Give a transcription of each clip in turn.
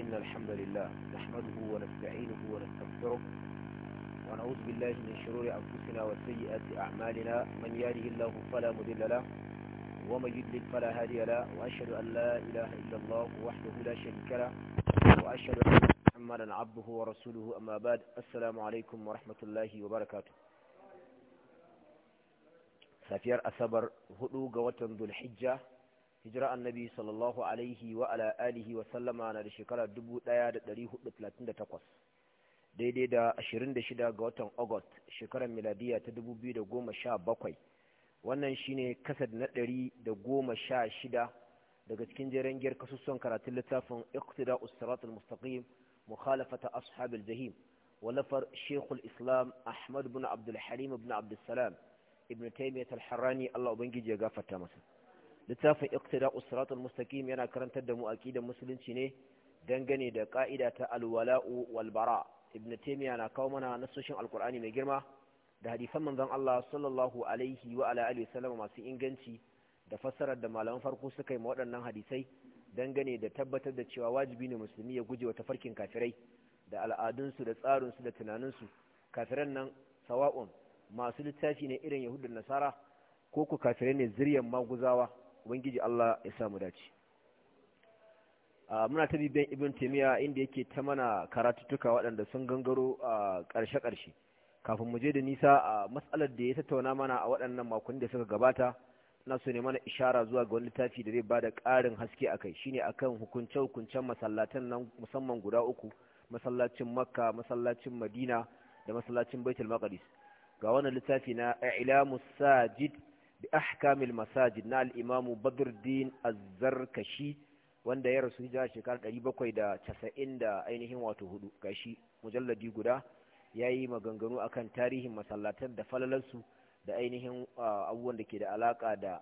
إن الحمد لله نحمده ونستعينه ونستغفره ونعوذ بالله من شرور أنفسنا وسيئات أعمالنا من يهده الله فلا مضل له ومن يضلل فلا هادي له وأشهد أن لا إله إلا الله وحده لا شريك له وأشهد أن محمدا عبده ورسوله أما بعد السلام عليكم ورحمة الله وبركاته سفير أصبر 4 ga ذو الحجة hijira annabi sallallahu alaihi wa ala alihi wa sallama na da shekara 1438 daidai da 26 ga watan august shekarar miladiya ta 2017 wannan shine kasad na 116 daga cikin jeren giyar kasusuwan karatun littafin iqtida usratul mustaqim mukhalafata ashabil zahim walafar shekul islam ahmad bin abdul halim bin abdul salam ibn taymiyyah al Allah ubangiji ya gafarta masa littafin iqtida usratul mustaqim yana karantar da mu aqidar musulunci ne dangane da ka'ida ta alwala'u wal bara ibn taymiya na kawo mana nasoshin alqur'ani mai girma da hadisan manzon Allah sallallahu alaihi wa ala alihi wasallam masu inganci da fassarar da malaman farko suka yi ma waɗannan hadisai dangane da tabbatar da cewa wajibi ne musulmi ya guje wa tafarkin kafirai da al'adunsu da tsarin su da tunanin su kafiran nan sawa'un masu littafi ne irin yahudun nasara ko ku kafirai ne zuriyar maguzawa ubangiji Allah ya samu dace muna ta bibiyan ibn taymiya inda yake ta mana karatuttuka waɗanda sun gangaro a ƙarshe ƙarshe kafin mu je da nisa a matsalar da ya tattauna mana a waɗannan makonni da suka gabata na so ne mana ishara zuwa ga wani littafi da zai ba da ƙarin haske akai shine akan hukunce hukuncen masallatan nan musamman guda uku masallacin makka masallacin madina da masallacin baitul maqdis ga wannan littafi na ilamus sajid bi ahkamil masajid na al-imamu badruddin az-zarkashi wanda ya rasu hijira shekarar 790 da ainihin wato hudu gashi mujalladi guda yayi maganganu akan tarihin masallatan da falalansu da ainihin abubuwan da ke da alaka da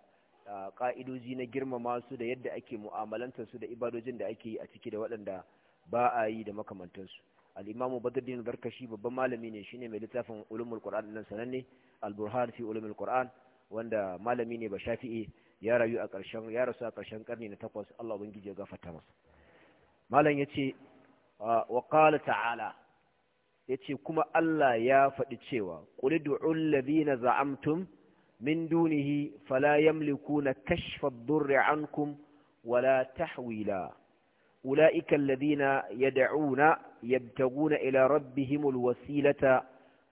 ka'idoji na girmama su da yadda ake mu'amalantar su da ibadojin da ake yi a ciki da waɗanda ba a yi da makamantansu al-imamu badruddin zarkashi babban malami ne shine mai littafin ulumul qur'an nan sananne al-burhan fi ulumul qur'an wanda malami ne ba shafi'i ya rayu a ƙarshen ya rasu a ƙarshen ƙarni na takwas Allah ubangiji ya gafarta masa malam yace ah, wa qala ta'ala yace kuma Allah ya faɗi cewa qul du'ul ladina za'amtum min dunihi fala yamlikuna kashfa ad-durri ankum wala tahwila أولئك الذين ila يبتغون إلى ربهم الوسيلة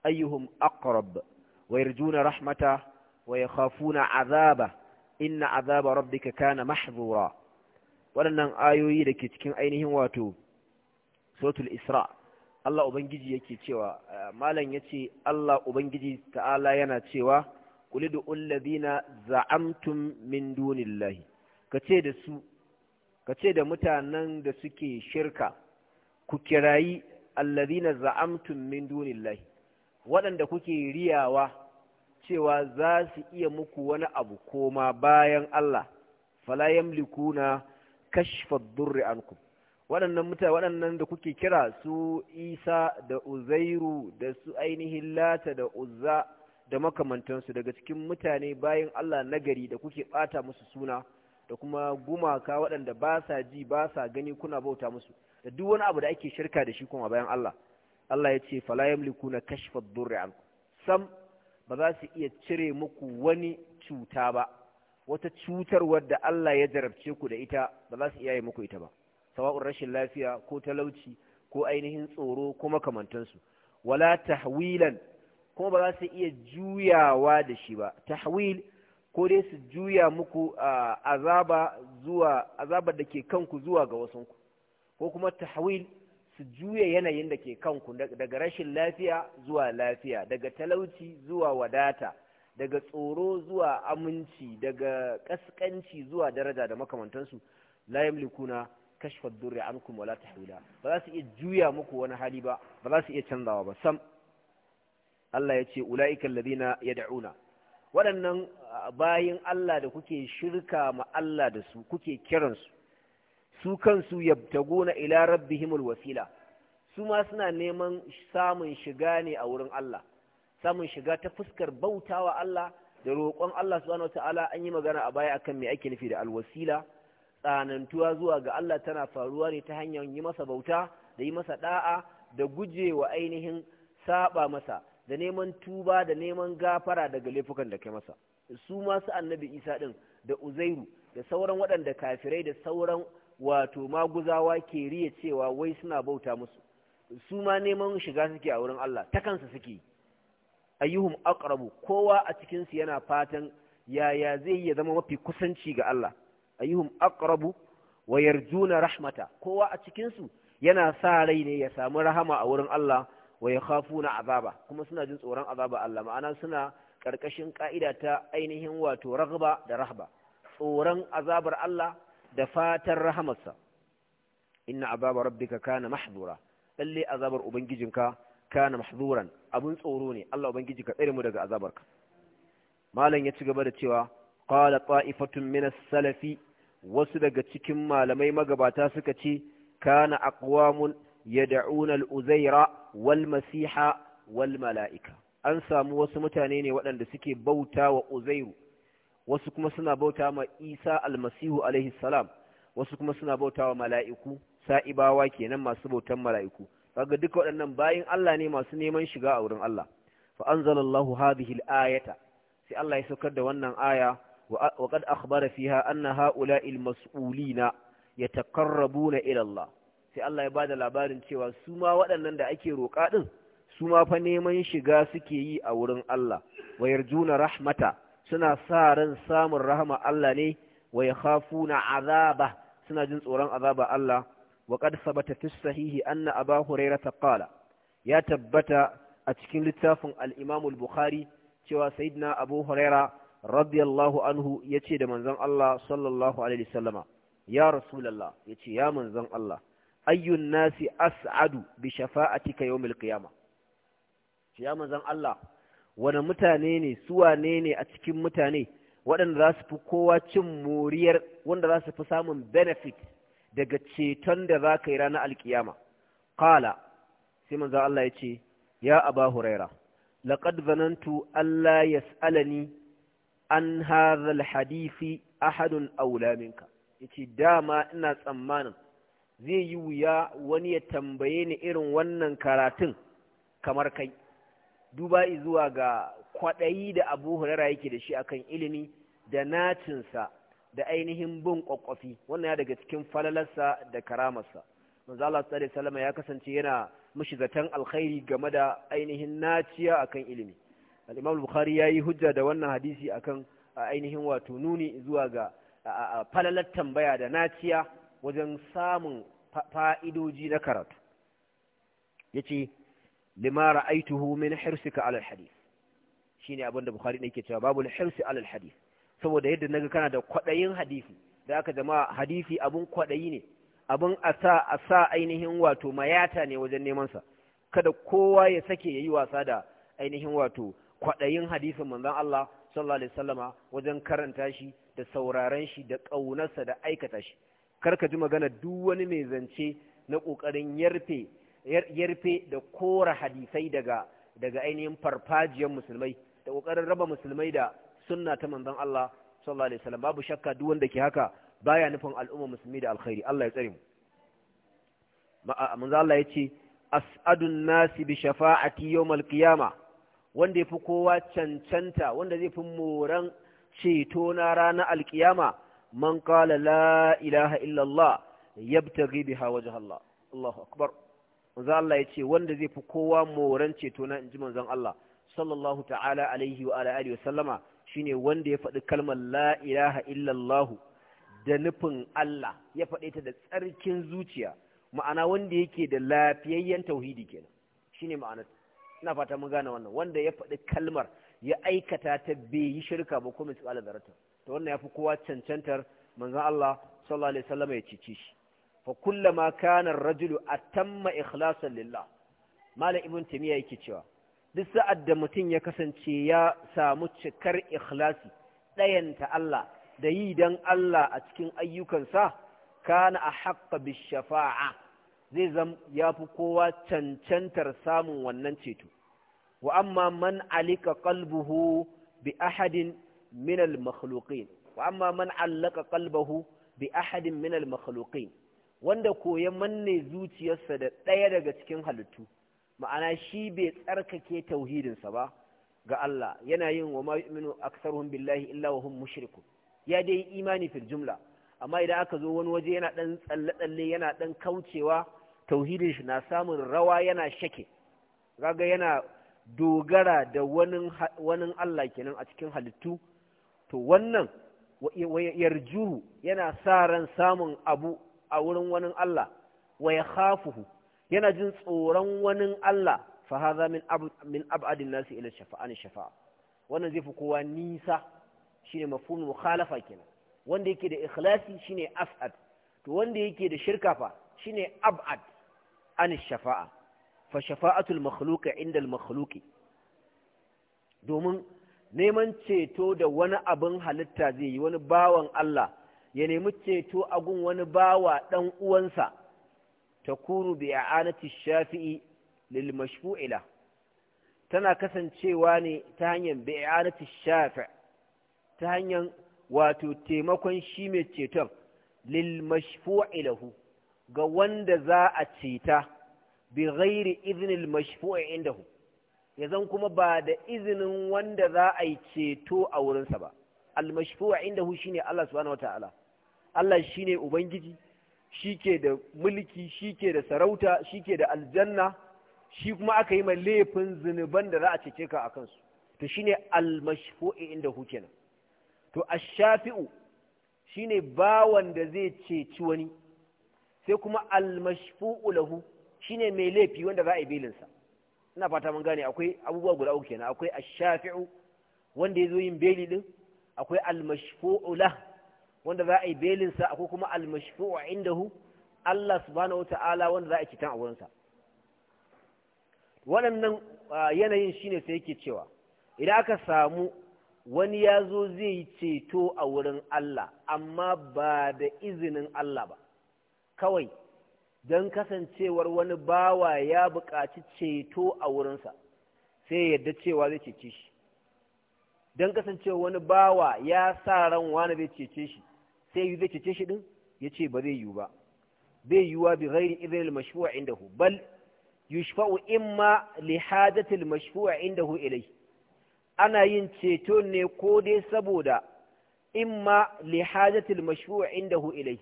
aqrab أقرب ويرجون رحمته wa na azaba inna azaba rabbika kana mahzura waɗannan ayoyi da ke cikin ainihin wato suratul isra Allah ubangiji yake cewa malam yace Allah ubangiji ta'ala yana cewa qul du'ul ladina za'amtum min dunillahi kace da su da mutanen da suke shirka ku kirayi alladhina za'amtum min dunillahi waɗanda kuke riyawa cewa za su iya muku wani abu koma bayan Allah fala yamlikuna kashfa durri ankum waɗannan mutane waɗannan da kuke kira su Isa da Uzairu da su ainihin Lata da Uzza da makamantansu daga cikin mutane bayan Allah nagari da kuke bata musu suna da kuma gumaka waɗanda ba sa ji ba sa gani kuna bauta musu da duk wani abu da ake shirka da shi kuma bayan Allah Allah ya ce fala yamlikuna kashfa durri ankum sam ba za su iya cire muku wani cuta ba wata cutar wadda Allah ya jarabce ku da ita ba za su iya yi muku ita ba sawa'un rashin lafiya ko talauci ko ainihin tsoro ko makamantansu wala tahwilan kuma ba za su iya juyawa da shi ba tahwil ko dai su juya muku azaba zuwa azabar da ke kanku zuwa ga wasanku ko kuma tahwil su juya yanayin da ke kanku daga rashin lafiya zuwa lafiya daga talauci zuwa wadata daga tsoro zuwa aminci daga kaskanci zuwa daraja da makamantansu la yamlikuna kashfa durri ankum wala tahwila ba za su iya juya muku wani hali ba ba za su iya canzawa ba sam Allah ya ce ulaika alladhina yad'una waɗannan bayin Allah da kuke shirka ma Allah da su kuke kiransu su kansu yabtaguna ila rabbihimul wasila su ma suna neman samun shiga ne a wurin Allah samun shiga ta fuskar bautawa Allah da roƙon Allah subhanahu wataala an yi magana a baya akan me ake nufi da alwasila tsanantuwa zuwa ga Allah tana faruwa ne ta hanyar yi masa bauta da yi masa da'a da gujewa ainihin saba masa da neman tuba da neman gafara daga laifukan da kai masa su masu annabi isa din da uzairu da sauran waɗanda kafirai da sauran wato maguzawa ke riya cewa wai suna bauta musu su ma neman shiga suke a wurin Allah ta kansa suke ayyuhum aqrabu kowa a cikin su yana fatan yaya zai ya zama mafi kusanci ga Allah ayyuhum aqrabu wa yarjuna rahmata kowa a cikin su yana sa rai ne ya samu rahama a wurin Allah wa yakhafuna azaba kuma suna jin tsoron azaba Allah ma'ana suna karkashin ka'ida ta ainihin wato ragba da rahba tsoron azabar Allah da fatan rahamarsa inna azaba rabbika kana mahdura lalle azabar ubangijinka kana mahzuran abun tsoro ne Allah ubangiji ka tsare mu daga azabarka malam ya ci gaba da cewa qala ta'ifatun min as-salafi wasu daga cikin malamai magabata suka ce kana aqwamun yad'una al-uzaira wal masiha wal mala'ika an samu wasu mutane ne waɗanda suke bauta wa uzairu wasu kuma suna bauta ma isa almasihu alaihi salam wasu kuma suna bauta wa mala'iku sa'ibawa kenan masu bautan mala'iku kaga duka waɗannan bayin Allah ne masu neman shiga a wurin Allah fa anzalallahu hadhihi al-ayata sai Allah ya saukar da wannan aya wa qad akhbara fiha anna ha'ula'i al-mas'ulina yatakarrabuna na Allah sai Allah ya bada labarin cewa su ma waɗannan da ake roƙa din su ma fa neman shiga suke yi a wurin Allah wa yarjuna rahmata suna sa ran samun rahama Allah ne wa yakhafuna azaba suna jin tsoron azaba Allah wa qad sabata fi sahihi anna aba hurairata qala ya tabbata a cikin littafin al-imam bukhari cewa sayyidina abu huraira radiyallahu anhu yace da manzon Allah sallallahu alaihi wasallama ya rasulullah yace ya manzon Allah ayyun nasi as'adu bi shafa'atika yawmil qiyamah ya manzon Allah wane mutane ne su wanene a cikin mutane waɗanda za su fi kowa cin moriyar wanda za su fi samun benefit daga ceton da za ka yi ranar alkiyama Ƙala. sai manzo Allah ya ce ya aba huraira laqad zanantu Allah ya ni an hadha alhadisi ahadun aulaminka minka yace dama ina tsammanin zai yi wuya wani ya tambaye ni irin wannan karatun kamar kai duba zuwa ga kwaɗayi da abu hurara yake da shi akan ilimi da nacinsa da ainihin bin ƙwaƙwafi wannan ya daga cikin falalarsa da karamarsa manzo Allah sallallahu alaihi ya kasance yana mishi zaton alkhairi game da ainihin naciya akan ilimi al-Imam Bukhari yayi hujja da wannan hadisi akan ainihin wato nuni zuwa ga falalar tambaya da naciya wajen samun fa'idoji na karatu yace lima ra'aituhu min hirsika ala al-hadith shine abinda Bukhari ne yake cewa babu al-hirsi ala al saboda yadda naga kana da kwaɗayin hadisi da aka jama'a hadisi abun kwaɗayi ne abun asa asa ainihin wato mayata ne wajen neman sa kada kowa ya sake yayi wasa da ainihin wato kwaɗayin hadisin manzon Allah sallallahu alaihi wasallama wajen karanta shi da sauraron shi da ƙaunarsa da aikata shi kar ka ji magana duk wani mai zance na ƙoƙarin yarfe yarfe da kora hadisai daga daga ainihin farfajiyar musulmai da ƙoƙarin raba musulmai da sunna ta manzon Allah sallallahu alaihi wasallam babu shakka duk wanda ke haka baya nufin al'umma musulmi da alkhairi Allah ya tsare mu manzo Allah yace as'adun nasi bi shafa'ati yawmal qiyama wanda yafi kowa cancanta wanda zai fi moran ceto na ranar alkiyama man qala la ilaha illa illallah yabtaghi biha wajha Allah Allahu akbar manzo Allah yace wanda zai fi kowa moran ceto na inji manzon Allah sallallahu ta'ala alaihi wa alihi wa sallama shine wanda ya faɗi kalmar la ilaha illallah da nufin Allah ya faɗe ta da tsarkin zuciya ma'ana wanda yake da lafiyayyen tauhidi kenan shine ma'ana ina fata mun gane wannan wanda ya faɗi kalmar ya aikata ta bai yi shirka ba kuma su zarata to wannan yafi kowa cancantar manzon Allah sallallahu alaihi wasallam ya cici shi fa kullama kana ar-rajulu atamma ikhlasan lillah malam ibn tamiya yake cewa duk sa'ad da mutum ya kasance ya samu cikar ikhlasi ɗayanta Allah da yi don Allah a cikin ayyukansa kana a haƙa bishafa'a zai zam ya fi kowa cancantar samun wannan ceto wa amma man alika kalbuhu bi ahadin minal wa amma man allaka kalbahu bi ahadin minal al wanda koyan manne zuciyarsa da ɗaya daga cikin halittu ma'ana shi bai tsarkake tauhidinsa ba ga Allah yana yin wa ma yu'minu aktsaruhum billahi illa wa hum ya dai imani fil jumla amma idan aka zo wani waje yana dan tsalle-tsalle yana dan kaucewa tauhidin shi na samun rawa yana shake kaga yana dogara da wani Allah kenan a cikin halittu to wannan yarjuhu yana sa ran samun abu a wurin wani Allah wa ya khafuhu yana jin tsoron wani Allah fa hadha min ab min ab'adin nas ila shafa'a wannan zai fi kowa nisa shine mafhumul mukhalafa kenan wanda yake da ikhlasi shine as'ad to wanda yake da shirka fa shine ab'ad an shafa'a fa shafa'atul makhluqi inda al makhluqi domin neman ceto da wani abin halitta zai yi wani bawan Allah ya nemi ceto a gun wani bawa dan uwansa takunu bi i'anati shafi'i lil mashfu'ila tana kasancewa ne ta hanyar bi i'anati ta hanyar wato taimakon shi mai ceton lil mashfu'i ga wanda za a ceta bi ghairi idhnil mashfu'i indahu yazan kuma ba da izinin wanda za a yi ceto a wurinsa ba al mashfu'u indahu shine Allah subhanahu wataala Allah shine ubangiji shi ke da mulki shi ke da sarauta shi ke da aljanna shi kuma aka yi ma laifin zunuban da za a cece ka a kansu to shi ne almashfu'i inda huke nan to shafi'u shi ne bawan da zai ceci wani sai kuma almashfu'u lahu shi ne mai laifi wanda za a yi sa ina fata mun gane akwai abubuwa guda uku kenan akwai shafi'u wanda ya zo yin beli din akwai almashfu'u lahu wanda za a yi belinsa ko kuma inda hu? Allah subhanahu ta'ala wanda za a tan a wurinsa waɗannan yanayin shine sai yake cewa idan aka samu wani ya zo zai yi ceto a wurin Allah amma ba da izinin Allah ba kawai don kasancewar wani bawa ya buƙaci ceto a wurinsa sai yadda cewa zai cece shi don kasancewa wani bawa ya sa ran wani zai cece shi sai yi zai cece shi ɗin ya ce ba zai yiwu ba bai yiwuwa bi ghairi idhil mashfu'a indahu bal yushfa'u imma li hadatil mashfu'a indahu ilai ana yin ceto ne ko dai saboda imma li hadatil mashfu'a indahu ilai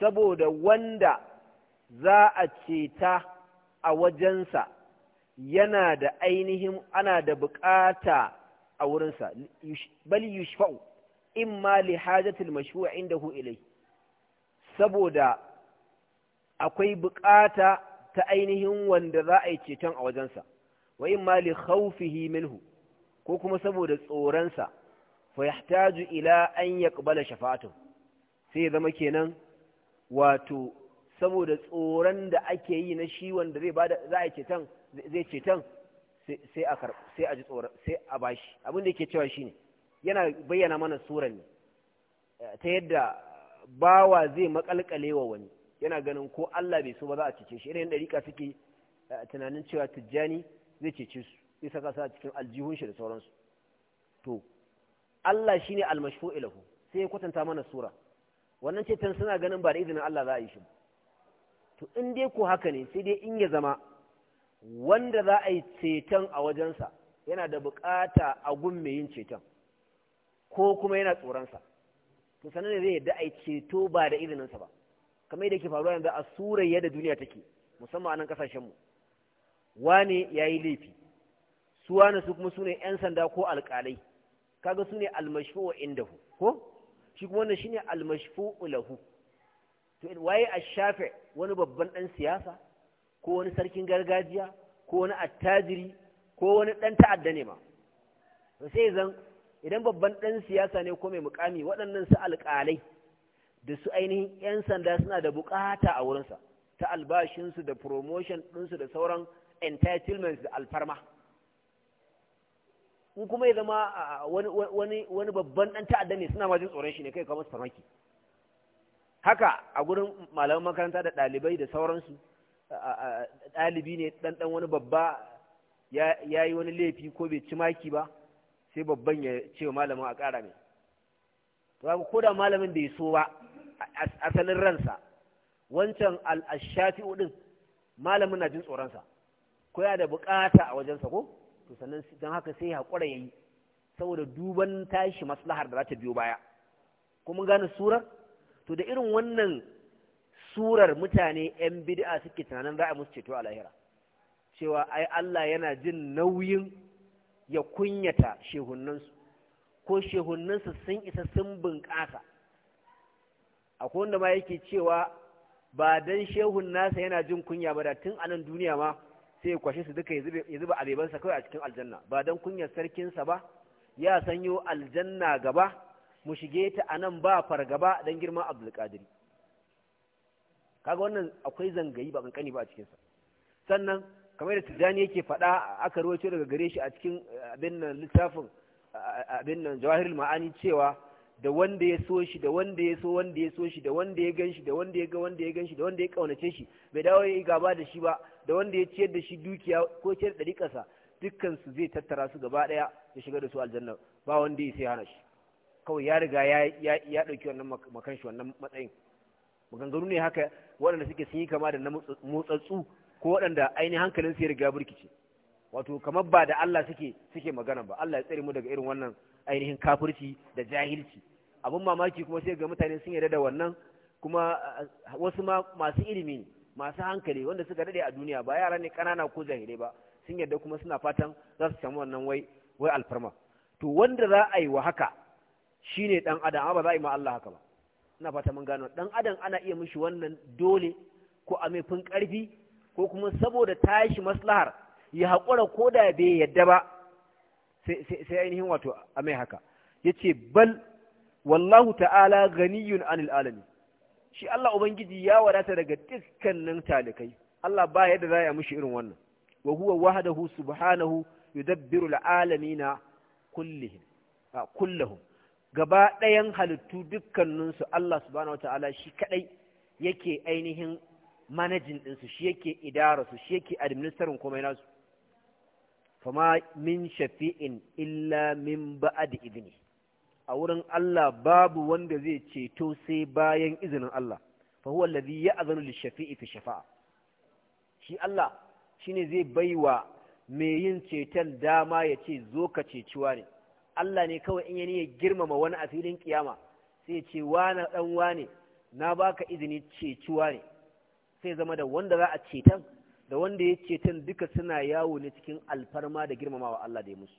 saboda wanda za a ceta a wajensa yana da ainihin ana da bukata a wurinsa bal yushfa'u imma li hajatil mashru'a indahu ilai saboda akwai bukata ta ainihin wanda za a yi ceton a wajensa wa ma li khawfihi minhu ko kuma saboda tsoronsa fa yahtaju ila an yaqbala shafa'atu sai zama kenan wato saboda tsoron da ake yi na shi wanda zai bada za a ceton zai ceton sai a sai a ji tsoron sai a bashi abin da yake cewa shine yana bayyana mana sura ne ta yadda bawa zai makalkale wa wani yana ganin ko Allah bai so ba za a cece shi irin dariƙa suke eh, tunanin cewa tijjani zai cece su isa saka cikin aljihun shi da sauransu to Allah shine almashfu ilahu sai ya kwatanta mana sura wannan ceton suna ganin ba da izinin Allah za a yi shi to in dai ko haka ne sai dai in ya zama wanda za a yi ceton a wajensa yana da bukata a gun mai yin ceton ko kuma yana tsoronsa to sanar da zai yadda a ceto ba da izininsa ba kamar yadda ke faruwa yanzu a surai yadda duniya take musamman a nan kasashenmu wane ya yi laifi su wane su kuma su ne 'yan sanda ko alƙalai kaga su ne almashfu wa indahu ko shi kuma wannan shine almashfu ulahu to waye shafe wani babban ɗan siyasa ko wani sarkin gargajiya ko wani attajiri ko wani ɗan ta'adda ne ma sai zan idan babban ɗan siyasa ne ko mai mukami waɗannan su alƙalai da su ainihin 'yan sanda suna da bukata a wurinsa ta albashinsu da promotion ɗinsu da sauran entitlements da alfarma in kuma ya zama wani babban ɗan ta'adda ne suna majin tsoron shi ne kai kamar farmaki haka a gurin malaman makaranta da ɗalibai da sauransu ɗalibi ne ɗanɗan wani babba ya yi wani laifi ko bai ci maki ba sai babban ya ce wa malamin a ƙara ne to ko da malamin ya so ba asalin ransa wancan al'ashafi din malamin na jin tsoronsa ko ya da bukata a wajensa ko to sannan don haka sai haƙura ya yi saboda duban tashi maslahar da za ta biyo baya kuma gane surar to da irin wannan surar mutane 'yan bid'a suke tunanin ra'ayi musu ceto a lahira cewa ai Allah yana jin nauyin ya kunyata shehunansu ko shehunansu sun isa sun bunƙasa akwai wanda ma yake cewa ba dan shehun nasa yana jin kunya ba da tun a nan duniya ma sai kwashe su duka ya zuba abebansa kawai a cikin aljanna ba dan kunyar sarkinsa ba ya sanyo aljanna gaba mu shige ta a nan ba fargaba don girman abdulkadiri kaga wannan akwai zangayi ba ƙanƙani ba a cikinsa sannan kamar da tijjani yake faɗa aka rawaito daga gare shi a cikin eh, abin nan littafin eh, eh, abin nan jawahirul ma'ani cewa da wanda ya so shi da wanda ya so wanda ya so shi da wanda ya gan shi da wanda ya ga wanda ya gan shi da wanda ya kaunace shi bai dawo ya yi gaba da shi ba da wanda ya ciyar da shi dukiya ko ciyar da rikarsa dukkan su zai tattara su gaba daya ya shiga da su aljanna ba wanda ya sai hana shi kawai ya riga ya ya dauki wannan makan shi wannan matsayin maganganu ne haka waɗanda suke sun yi kama da na motsatsu ko waɗanda ainihin hankalin su ya riga burkice wato kamar ba da Allah suke suke magana ba Allah ya tsare mu daga irin wannan ainihin kafirci da jahilci abun mamaki kuma sai ga mutane sun yarda da wannan kuma wasu ma masu ilimi masu hankali wanda suka dade a duniya ba yara ne kanana ko jahilai ba sun yarda kuma suna fatan za su samu wannan wai wai alfarma to wanda za a yi wa haka shine dan adam amma ba za a yi ma Allah haka ba ina fata mun gano dan adam ana iya mishi wannan dole ko a mai fin karfi ko kuma saboda tashi maslahar ya haƙura ko da bai yadda ba sai ainihin wato a mai haka ya ce bal wallahu ta'ala ganiyun anil alami shi Allah Ubangiji ya wadata daga dukkanin talikai Allah ba yadda za ya mushi irin wannan wa huwa wahdahu subhanahu yudabbiru al'alamina kullihim a kullahum gaba ɗayan halittu dukkaninsu Allah subhanahu ta'ala shi kadai yake ainihin manajin ɗinsu shi yake idara su shi yake administarin komai nasu fama min shafi'in illa min da izini a wurin Allah babu wanda zai ceto sai bayan izinin Allah fa huwa allazi ya'zanu lish-shafi'i fi shafa'a shi Allah shine zai baiwa mai yin ceton dama ya ce zo ka cecewa ne Allah ne kawai in yani ya girmama wani a filin kiyama sai ya ce wani dan wane na baka izini cecewa ne sai zama da wanda za a cetan da wanda ya cetan duka suna yawo ne cikin alfarma da girmamawa Allah da ya musu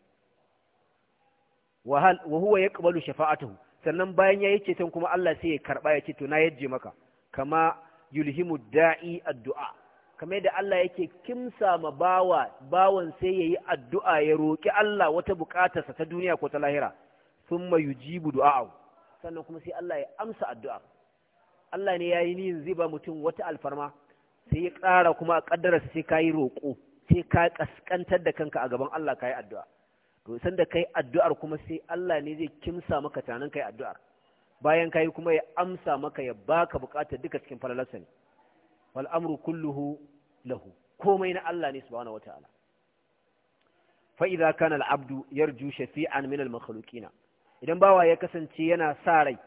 wa huwa yaqbalu shafa'atuhu sannan bayan ya yi ceton kuma Allah sai ya karɓa ya ce to na yaje maka kama yulhimu da'i addu'a kama yadda Allah yake kimsa ma bawa bawan sai yayi addu'a ya roƙi Allah wata buƙatarsa ta duniya ko ta lahira sun mayu yujibu du'a'ahu sannan kuma sai Allah ya amsa addu'a Allah ne ya yi zai ziba mutum wata alfarma sai ya ƙara kuma a kaddara sai yi roƙo sai ka kaskantar da kanka a gaban Allah yi addu'a to san da yi addu'ar kuma sai Allah ne zai kimsa maka tanan kai addu'ar bayan yi kuma ya amsa maka ya baka bukatar duka cikin falalarsa ne wal amru kulluhu lahu komai na Allah ne subhanahu wataala fa idza kana al abdu yarju shafi'an min al makhluqina idan bawa ya kasance yana sa rai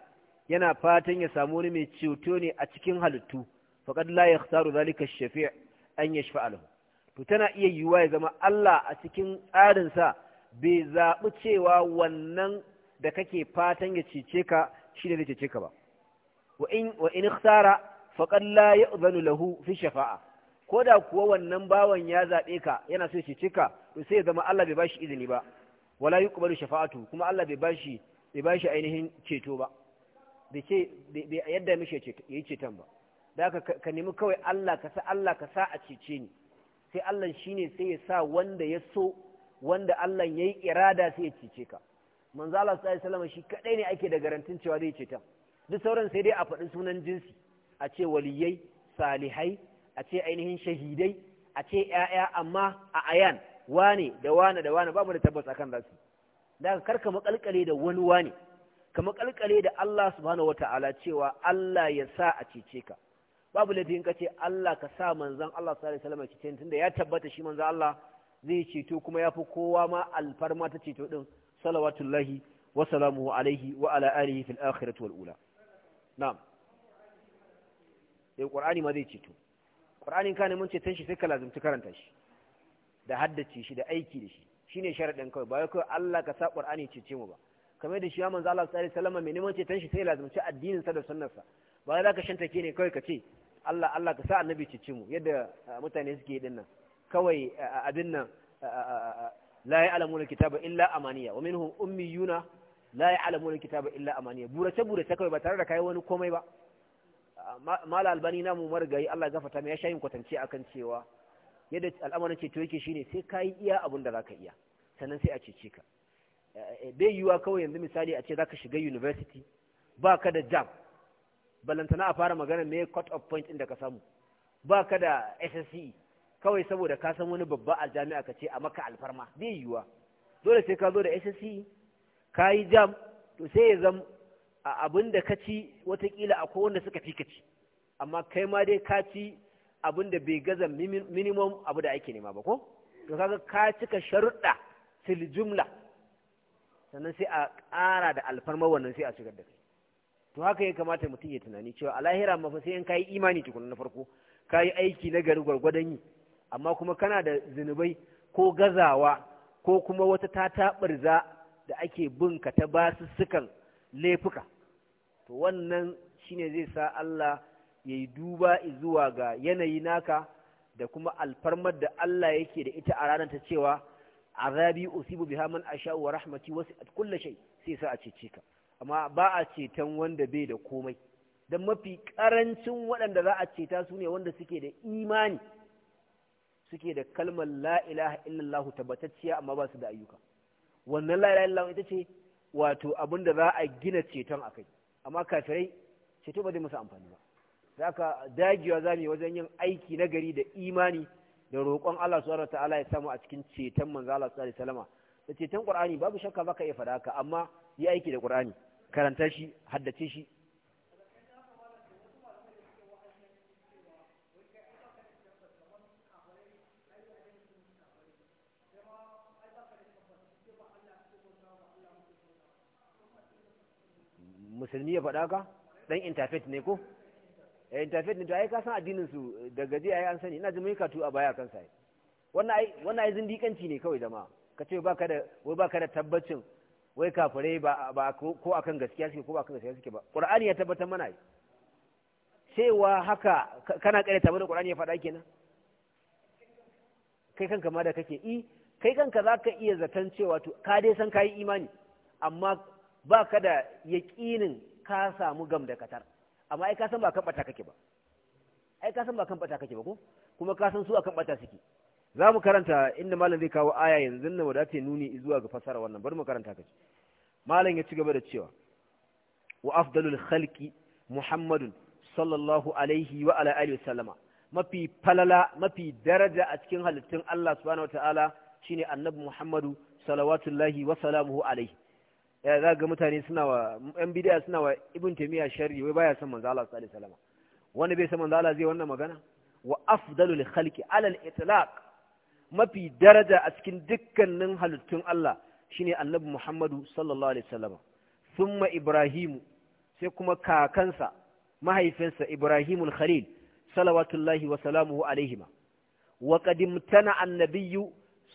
yana fatan ya samu wani mai ceto ne a cikin halittu faqad la yakhtaru zalika ash-shafi' an yashfa'a lahu to tana iya yiwuwa ya zama Allah a cikin tsarin sa bai zabi cewa wannan da kake fatan ya cece ka shi ne zai cece ka ba wa in wa in ikhtara faqad la lahu fi shafa'a ko da kuwa wannan bawan ya zabe ka yana so ya cece ka to sai ya zama Allah bai shi izini ba wala yuqbalu shafa'atu kuma Allah bai bashi bai bashi ainihin ceto ba bai yadda mishi ya yi ceton ba da ka nemi kawai Allah ka sa Allah ka sa a cece ni sai Allah shine sai ya sa wanda ya so wanda Allah ya yi irada sai ya cece ka manzo Allah sallallahu alaihi shi kadai ne ake da garantin cewa zai ceton duk sauran sai dai a faɗi sunan jinsi a ce waliyai salihai a ce ainihin shahidai a ce ƴaƴa amma a ayan wane da wane da wane babu da tabbas akan zasu da karka makalkale da wani wane kama kalkale da Allah subhanahu wata'ala cewa Allah ya sa a cece ka babu laifin ka ce Allah ka sa manzon Allah sallallahu alaihi wasallam ya cece tunda ya tabbata shi manzon Allah zai ceto kuma yafi kowa ma alfarma ta ceto din salawatullahi wa salamuhu alaihi wa ala alihi fil akhirati wal ula na'am sai eh, qur'ani ma zai ceto qur'ani ka ne mun ceton shi sai ka lazumci karanta shi da haddace shi da aiki da shi shine sharadin kawai ba kai Allah ka sa qur'ani cece mu ba kamar da shi ya manzo Allah sallallahu alaihi wasallam mai neman ceton shi sai lazumci addinin sa da sa ba za ka shanta ke ne kawai ka ce Allah Allah ka sa annabi ci mu yadda mutane suke din nan kawai abin nan la ya'lamu kitaba illa amaniya wa minhum ummiyuna la ya'lamu kitaba illa amaniya burace burace kawai ba tare da kai wani komai ba mala albani na mu margayi Allah gafarta mai ya shayin kwatance akan cewa yadda al'amarin ceto yake shine sai kai iya abin da zaka iya sannan sai a cece ka Eh, bai yiwuwa kawai yanzu misali a ce za ka shiga university ba ka da jam balantana a fara magana me cut of point inda ka samu ba ka da SSE kawai saboda ka san wani babba a jami'a ka ce a maka alfarma bai yiwuwa dole sai ka zo da sse ka yi jam to sai ya zama abin da ka ci watakila akwai wanda suka fi ka ci amma kai ma dai ka ci abin da bai gaza minimum abu da ake nema ba ko to kaga ka cika sharuɗa til jumla sannan sai a ƙara da alfarmar wannan sai a shigar da kai to haka ya kamata mutum ya tunani cewa a lahira mafi sai in ka yi imani tukuna na farko ka yi aiki na gari gwargwadon yi amma kuma kana da zunubai ko gazawa ko kuma wata tataɓarza da ake bin ka ta basussukan laifuka to wannan shine zai sa Allah ya yi duba zuwa ga yanayi naka da kuma alfarmar da Allah yake da ita a ranar ta cewa azabi usibu biha man asha wa rahmati wasi'at kullu shay sai sa a cece ka amma ba a ceton wanda bai da komai dan mafi karancin waɗanda za a ceta su ne wanda suke da imani suke da kalmar la ilaha illallah tabbatacciya amma ba su da ayyuka wannan la ilaha illallah ita ce wato abun da za a gina ceton akai amma kafirai ceto ba zai musu amfani ba za ka dagewa za mu wajen yin aiki na gari da imani da roƙon Allah subhanahu wataala ya samu a cikin ceton manzo Allah sallallahu alaihi wasallam da ceton Qur'ani babu shakka baka iya fada ka amma yi aiki da Qur'ani karanta shi haddace shi musulmi ya faɗa ka ɗan interfet ne ko Eh, interfaith ne to ai ka san addinin su da gaji ai an sani ina jin mai katu a baya kan sai wannan ai wannan ai zindikanci ne kawai jama'a ka ce baka da wai baka da tabbacin wai kafirai ba ba ko akan gaskiya suke ko ba akan gaskiya suke ba qur'ani ya tabbatar mana cewa haka kana kare tabbata da qur'ani ya faɗa kenan kai kanka ma da kake i kai kanka zaka iya zaton cewa to ka dai san kai imani amma baka da yaqinin ka samu gam da katar amma ai ka san ba kan bata kake ba ai ka san ba kan bata kake ba ko kuma ka san su kan bata suke za mu karanta inda malam zai kawo aya yanzu nan wadace nuni zuwa ga fasara wannan bari mu karanta kace malam ya ci gaba da cewa wa afdalul khalqi muhammadun sallallahu alaihi wa ala alihi wasallama mafi falala mafi daraja a cikin halittun Allah subhanahu wataala shine annabi muhammadu salawatullahi wa salamuhu alaihi ya za ga mutane suna wa yan bidiya suna wa ibn taymiya sharri wai baya son manzala Allah sallallahu alaihi wani bai san manzala zai wannan magana wa afdalul khalqi ala al-itlaq mafi daraja a cikin dukkanin halittun Allah shine annabi Muhammadu sallallahu alaihi wasallam thumma ibrahimu sai kuma kakansa mahaifinsa ibrahimul khalil salawatullahi wa salamuhu alaihima wa qad imtana an-nabiyyu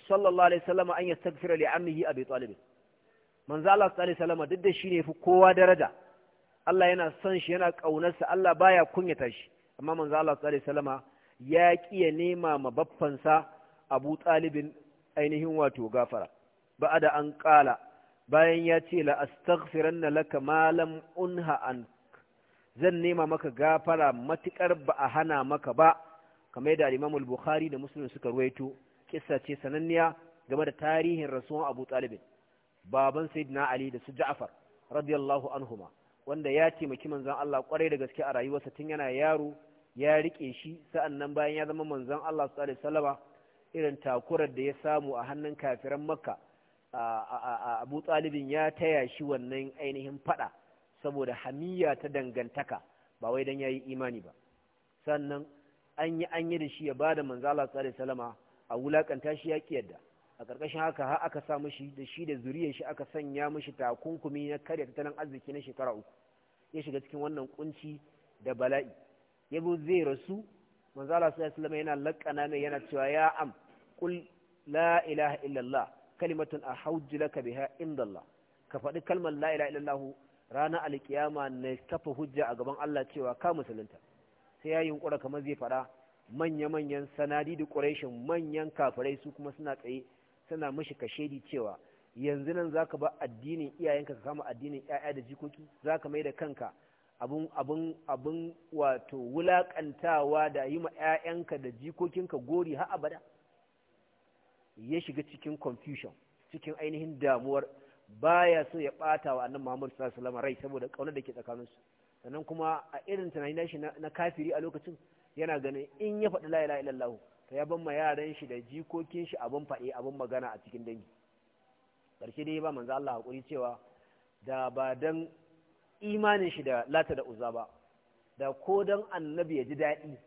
sallallahu alaihi wasallam an yastaghfira li ammihi abi talib manzo Allah sallallahu alaihi wasallam duk da shi ne fi kowa daraja Allah yana son shi yana sa Allah baya kunyata shi amma manzo Allah sallallahu alaihi wasallam ya kiya nema ma sa Abu Talibin ainihin wato gafara ba'ada an kala bayan ya ce la astaghfiranna laka ma lam unha an zan nema maka gafara matukar ba a hana maka ba kamar da Imam al-Bukhari da Muslim suka ruwaito kissa ce sananniya game da tarihin rasuwan Abu Talibin baban sayyidina ali da su ja'far radiyallahu anhuma wanda ya taimaki manzon Allah kwarai da gaske a rayuwarsa tun yana yaro ya rike shi sa'annan bayan ya zama manzon Allah sallallahu alaihi wasallama irin takurar da ya samu a hannun kafiran makka abu talibin ya taya shi wannan ainihin fada saboda hamiya ta dangantaka ba wai dan yayi imani ba sannan an yi an yi da shi ya bada da sallallahu alaihi salama a wulakanta shi ya ƙi yadda a ƙarƙashin haka har aka sa mishi da shi da zuriyar shi aka sanya mishi takunkumi na karya tattalin arziki na shekara uku ya shiga cikin wannan kunci da bala'i ya zo zai rasu manzo Allah sallallahu sallama yana laƙana mai yana cewa ya am kul la ilaha illallah kalimatun ahawju laka biha indallah ka faɗi kalmar la ilaha illallah ranar alkiyama na kafa hujja a gaban Allah cewa ka musulunta sai ya yunkura kamar zai faɗa manya-manyan sanadi da ƙureshin manyan kafirai su kuma suna tsaye tana mishi kashedi cewa yanzu nan zaka ba addinin iyayenka ka kama addinin yaya da jikoki zaka mai da kanka abin wato wulakantawa da yi ma yayanka da jikokinka gori har abada ya shiga cikin confusion cikin ainihin damuwar baya so ya bata wa annan Muhammadu sallallahu alaihi rai saboda kaunar da ke tsakaninsu sannan kuma a irin tunani na kafiri a lokacin yana ganin in ya faɗi la ilaha illallah ta ya ban ma yaran shi da jikokin shi abin faɗe abin magana a cikin dangi ƙarshe dai ba manzo Allah hakuri cewa da ba dan imanin shi da lata da uza ba da ko dan annabi ya ji daɗi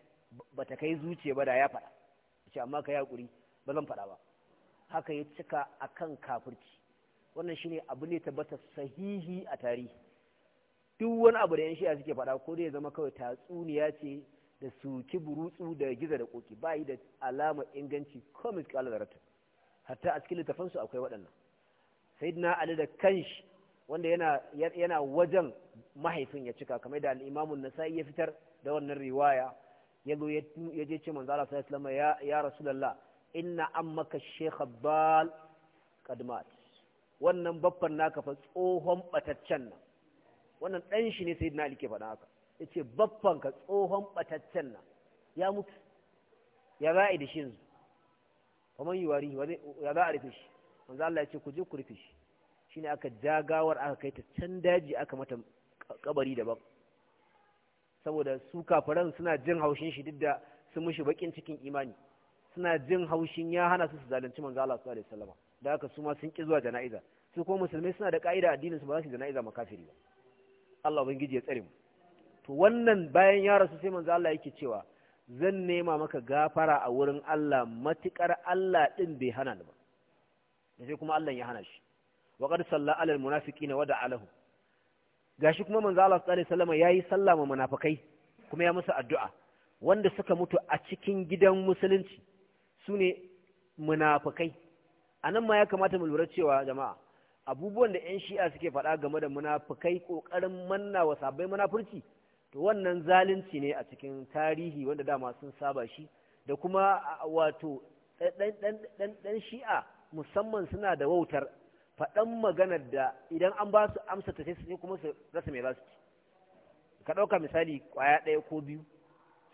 ba ta kai zuce ba da ya faɗa ce amma ka yi hakuri ba zan faɗa ba haka ya cika akan kafirci wannan shine abu ne tabbata sahihi a tarihi duk wani abu da yan shi'a suke faɗa ko dai ya zama kawai tatsuniya ce da suki burutsu da giza da koki ba yi da alama inganci da rata hatta a cikin littafansu akwai waɗannan na ali da kanshi wanda yana wajen mahaifin ya cika kamar da al'imamun na nasa'i ya fitar da wannan riwaya ya zo ya je ce manzo Allah rasu alaihi ya rasulullah inna maka shaykh bal kadmat wannan babban naka fa tsohon bataccen nan wannan ɗan shi ne na ali ke faɗa haka ya ce baffanka tsohon ɓataccen nan ya mutu ya za a da shi yanzu kamar yi wari ya za a rufe shi wanzu Allah ya ce ku je ku rufe shi shi ne aka ja gawar aka kai ta can daji aka mata kabari daban saboda su kafaran suna jin haushin shi duk da sun mushi bakin cikin imani suna jin haushin ya hana su su zalunci manzo Allah sallallahu alaihi wasallam da haka su ma sun ki zuwa jana'iza su ko musulmai suna da ka'ida addinin su ba za su jana'iza makafiri ba Allah ubangiji ya tsare mu to wannan bayan ya rasu sai manzo Allah yake cewa zan nema maka gafara a wurin Allah matukar Allah din bai hana ni ba sai kuma Allah ya hana shi wa qad salla alal munafiqina wa da'alahu gashi kuma manzo Allah sallallahu alaihi wasallam yayi sallah ma munafikai kuma ya musu addu'a wanda suka mutu a cikin gidan musulunci sune munafikai anan ma ya kamata mu lura cewa jama'a abubuwan da 'yan shi'a suke faɗa game da munafukai ƙoƙarin manna wa munafurci to wannan zalunci ne a cikin tarihi wanda dama sun saba shi da kuma wato ɗan shi'a musamman suna da wautar faɗan maganar da idan an ba su amsa ta sai kuma su rasa mai rasu ci ka ɗauka misali ƙwaya ɗaya ko biyu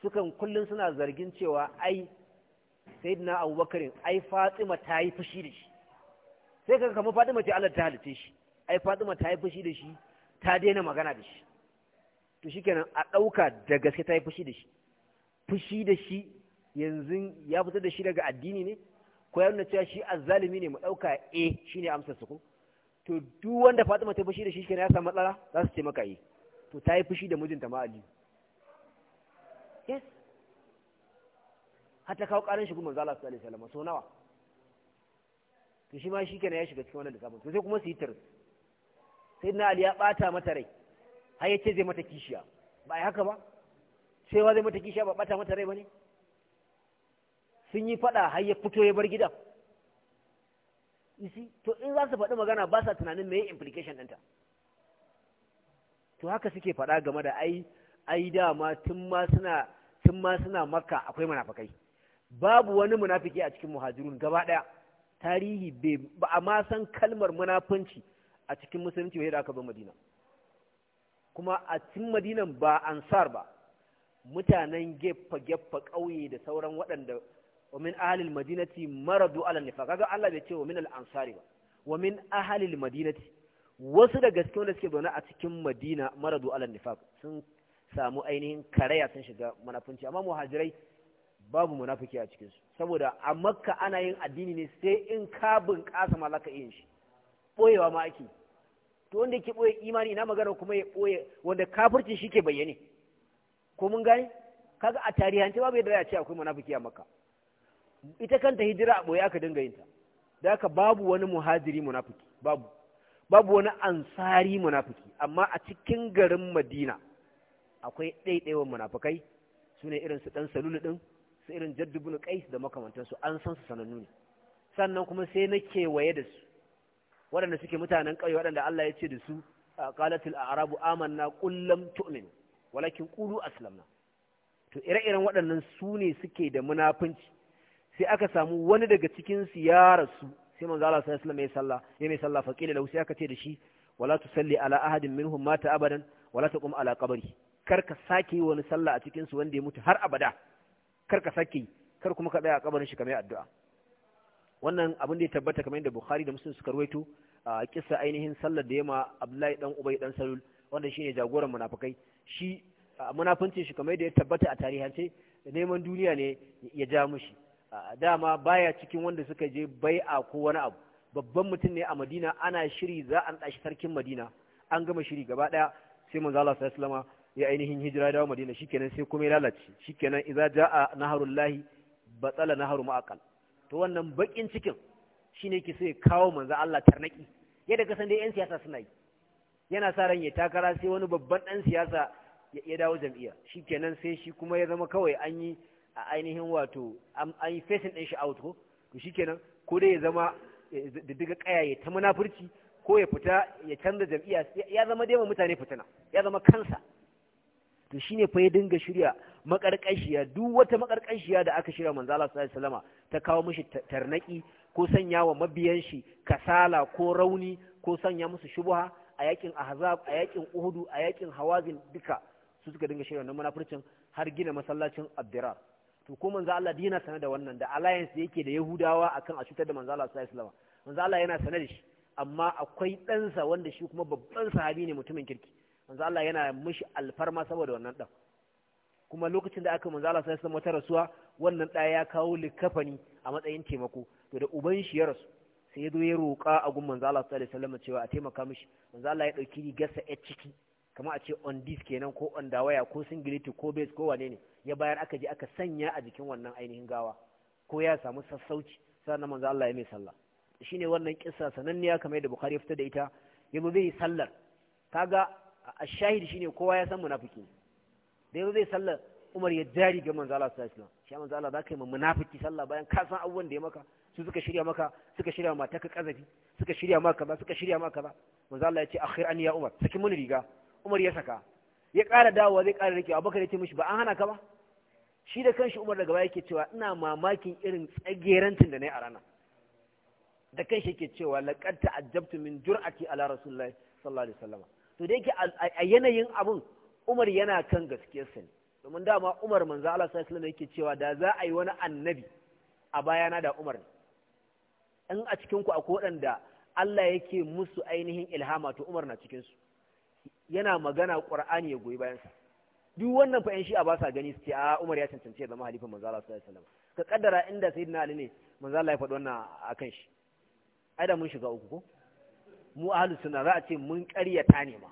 sukan kullum suna zargin cewa ai sai na abubakarin ai fatima ta yi fushi da shi sai ka kama fatima ce allah ta halitta shi ai fatima ta yi fushi da shi ta daina magana da shi to kenan a ɗauka da gaske ta yi fushi da shi fushi da shi yanzu ya fitar da shi daga addini ne ko ya nuna cewa shi azzalimi ne mu ɗauka a eh, shi ne amsar ko to duk wanda fatima ta fushi da shi kenan ya samu matsala za su ce maka yi, eh. to ta yi fushi da mijinta ma aliyu yes har ta kawo ƙarin shi kuma zala sallallahu alaihi wasallam so nawa to shi ma kenan ya shiga cikin wannan lissafin to sai kuma su yi tir sai na ali ya bata mata rai har ya ce zai mata kishiya ba ai haka ba sai wa zai mata kishiya ba bata mata rai ba ne sun yi faɗa har ya fito ya bar gida, isi to in za su faɗi magana ba sa tunanin me implication ɗinta to haka suke faɗa game da ai ai dama tun ma suna tun ma suna makka akwai munafikai babu wani munafiki a cikin muhajirun gaba ɗaya tarihi ba a ma san kalmar munafunci a cikin musulunci wai da aka bar madina kuma a cikin madinan ba ansar ba mutanen geffa geffa ƙauye da sauran waɗanda wa min ahalil madinati maradu ala nifa kaga Allah bai ce wa min al'ansari ansari ba wa min ahlil madinati wasu da gaske wanda suke zaune a cikin madina maradu ala nifa sun samu ainihin karaya sun shiga munafunci amma muhajirai babu munafiki a cikin su saboda a makka ana yin addini ne sai in ka bunƙasa ma zaka yin shi boyewa ma ake to wanda yake ɓoye imani na magana kuma ya ɓoye wanda kafircin shi ke bayyane ko mun gane kaga a tarihance babu yadda za a ce akwai munafiki a makka ita kanta hijira a ɓoye aka dinga yin ta da haka babu wani muhajiri munafiki babu babu wani ansari munafiki amma a cikin garin madina akwai ɗaiɗaiwan munafikai su ne irin su ɗan salulu ɗin su irin jaddubun ƙais da makamantansu an san su sanannu ne sannan kuma sai na kewaye da su waɗanda suke mutanen ƙauye waɗanda Allah ya ce da su qalatil a'rabu amanna qul lam tu'min walakin qulu aslamna to ire-iren waɗannan su ne suke da munafunci sai aka samu wani daga cikin su ya rasu sai manzo Allah sallallahu alaihi wasallam ya mai sallah fa lahu sai aka ce da shi wala tusalli ala ahadin minhum mata abadan wala taqum ala qabri kar ka sake yi wani sallah a cikin su wanda ya mutu har abada kar ka sake kar kuma ka tsaya a kabarin shi kamar addu'a wannan abin da ya tabbata kamar yadda Bukhari da Muslim suka ruwaito a kisa ainihin sallar da yamma Abdullahi dan Ubay dan Salul wanda shine jagoran munafikai shi munafincin shi kamar yadda ya tabbata a tarihance neman duniya ne ya ja mushi dama baya cikin wanda suka je bai a ko wani abu babban mutum ne a Madina ana shiri za an tashi sarkin Madina an gama shiri gaba daya sai manzo Allah sallallahu alaihi wasallam ya ainihin hijira dawo Madina shikenan sai kuma ya lalace shikenan idza jaa naharullahi batala naharu ma'akal to wannan bakin cikin shine ke sai ya kawo manzo Allah tarnaki yadda ka san dai yan siyasa suna yi yana sa ran ya takara sai wani babban dan siyasa ya dawo jam'iyya shikenan sai shi kuma ya zama kawai an yi a ainihin wato an yi facing din shi out ko to ko dai ya zama da diga ƙaya ya ta munafurci ko ya fita ya canza jam'iyya ya zama dai mutane fitina ya zama kansa to shine fa ya dinga shirya makarkashiya duk wata makarkashiya da aka shirya manzo Allah sallallahu alaihi wasallama ta kawo mishi tarnaki ko sanya wa mabiyan shi kasala ko rauni ko sanya musu shubha a yakin ahzab a yakin uhudu a yakin hawazin duka su suka dinga shirya wannan munafurcin har gina masallacin abdirar to ko manzo Allah dina sanar da wannan da alliance da yake da yahudawa akan a cutar da manzo Allah sallallahu alaihi wasallama manzo Allah yana sanar da shi amma akwai ɗansa wanda shi kuma babban sahabi ne mutumin kirki manzo Allah yana mishi alfarma saboda wannan ɗan kuma lokacin da aka manzala sai san wata rasuwa wannan ɗaya ya kawo likafani a matsayin taimako to da uban shi ya rasu sai ya zo ya roƙa a gun manzala sallallahu alaihi wasallam cewa a taimaka mishi manzala ya dauki gasa ya ciki kamar a ce on disk kenan ko on dawaya ko singiliti ko base ko wane ne ya bayar aka je aka sanya a jikin wannan ainihin gawa ko ya samu sassauci sannan manzo Allah ya mai sallah shine wannan kissa sananniya kamar da Bukhari ya fita da ita yabo zai sallar kaga a shine kowa ya san munafiki da yau zai sallar Umar ya jari ga Manzala su sallallahu alaihi wasallam shi Manzala Allah ka yi munafiki sallah bayan ka san abubuwan da ya maka su suka shirya maka suka shirya ma ka kazafi suka shirya maka kaza suka shirya maka kaza manzo Allah ya ce akhir an ya Umar saki mun riga Umar ya saka ya ƙara dawowa zai ƙara rikewa Abubakar ya ce mishi ba an hana ka ba shi da kanshi Umar daga baya yake cewa ina mamakin irin tsagerancin da yi a rana da kanshi yake cewa laqad ta'ajjabtu min jur'ati ala rasulillahi sallallahu alaihi wasallam to da yake a yanayin abun Umar yana kan gaskiyarsa ne domin dama Umar manzo Allah sai alaihi yake cewa da za a yi wani annabi a bayana da Umar in a cikin ku akwai waɗanda Allah yake musu ainihin ilhama to Umar na cikin su yana magana Qur'ani ya goyi bayan sa duk wannan fa'in shi a ba sa gani su a Umar ya cancanci ya zama manzo Allah sallallahu alaihi ka kaddara inda sayyidina Ali ne manzo Allah ya faɗi wannan akan shi ai da mun shiga uku ko mu ahlus sunna za a ce mun ƙaryata ne ma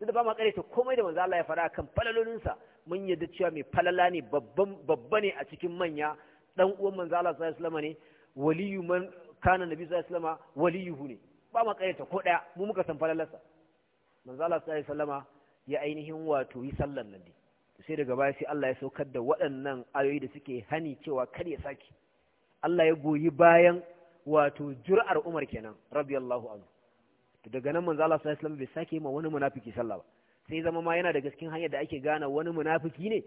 duk da ba ma kare ta komai da manzo Allah ya fara kan falalolinsa mun yadda cewa mai falala ne babban babba ne a cikin manya dan uwan manzo Allah sallallahu alaihi wasallam ne waliyu man kana nabi sallallahu alaihi wasallam waliyuhu ne ba ma kare ta ko daya mu muka san falalarsa manzo Allah sallallahu alaihi wasallama ya ainihin wato yi sallan nan dai sai daga baya sai Allah ya saukar da waɗannan ayoyi da suke hani cewa kar ya saki Allah ya goyi bayan wato jur'ar Umar kenan radiyallahu anhu to daga nan manzo Allah sallallahu alaihi wasallam bai sake ma wani munafiki sallah ba sai zama ma yana da gaskin hanyar da ake gane wani munafiki ne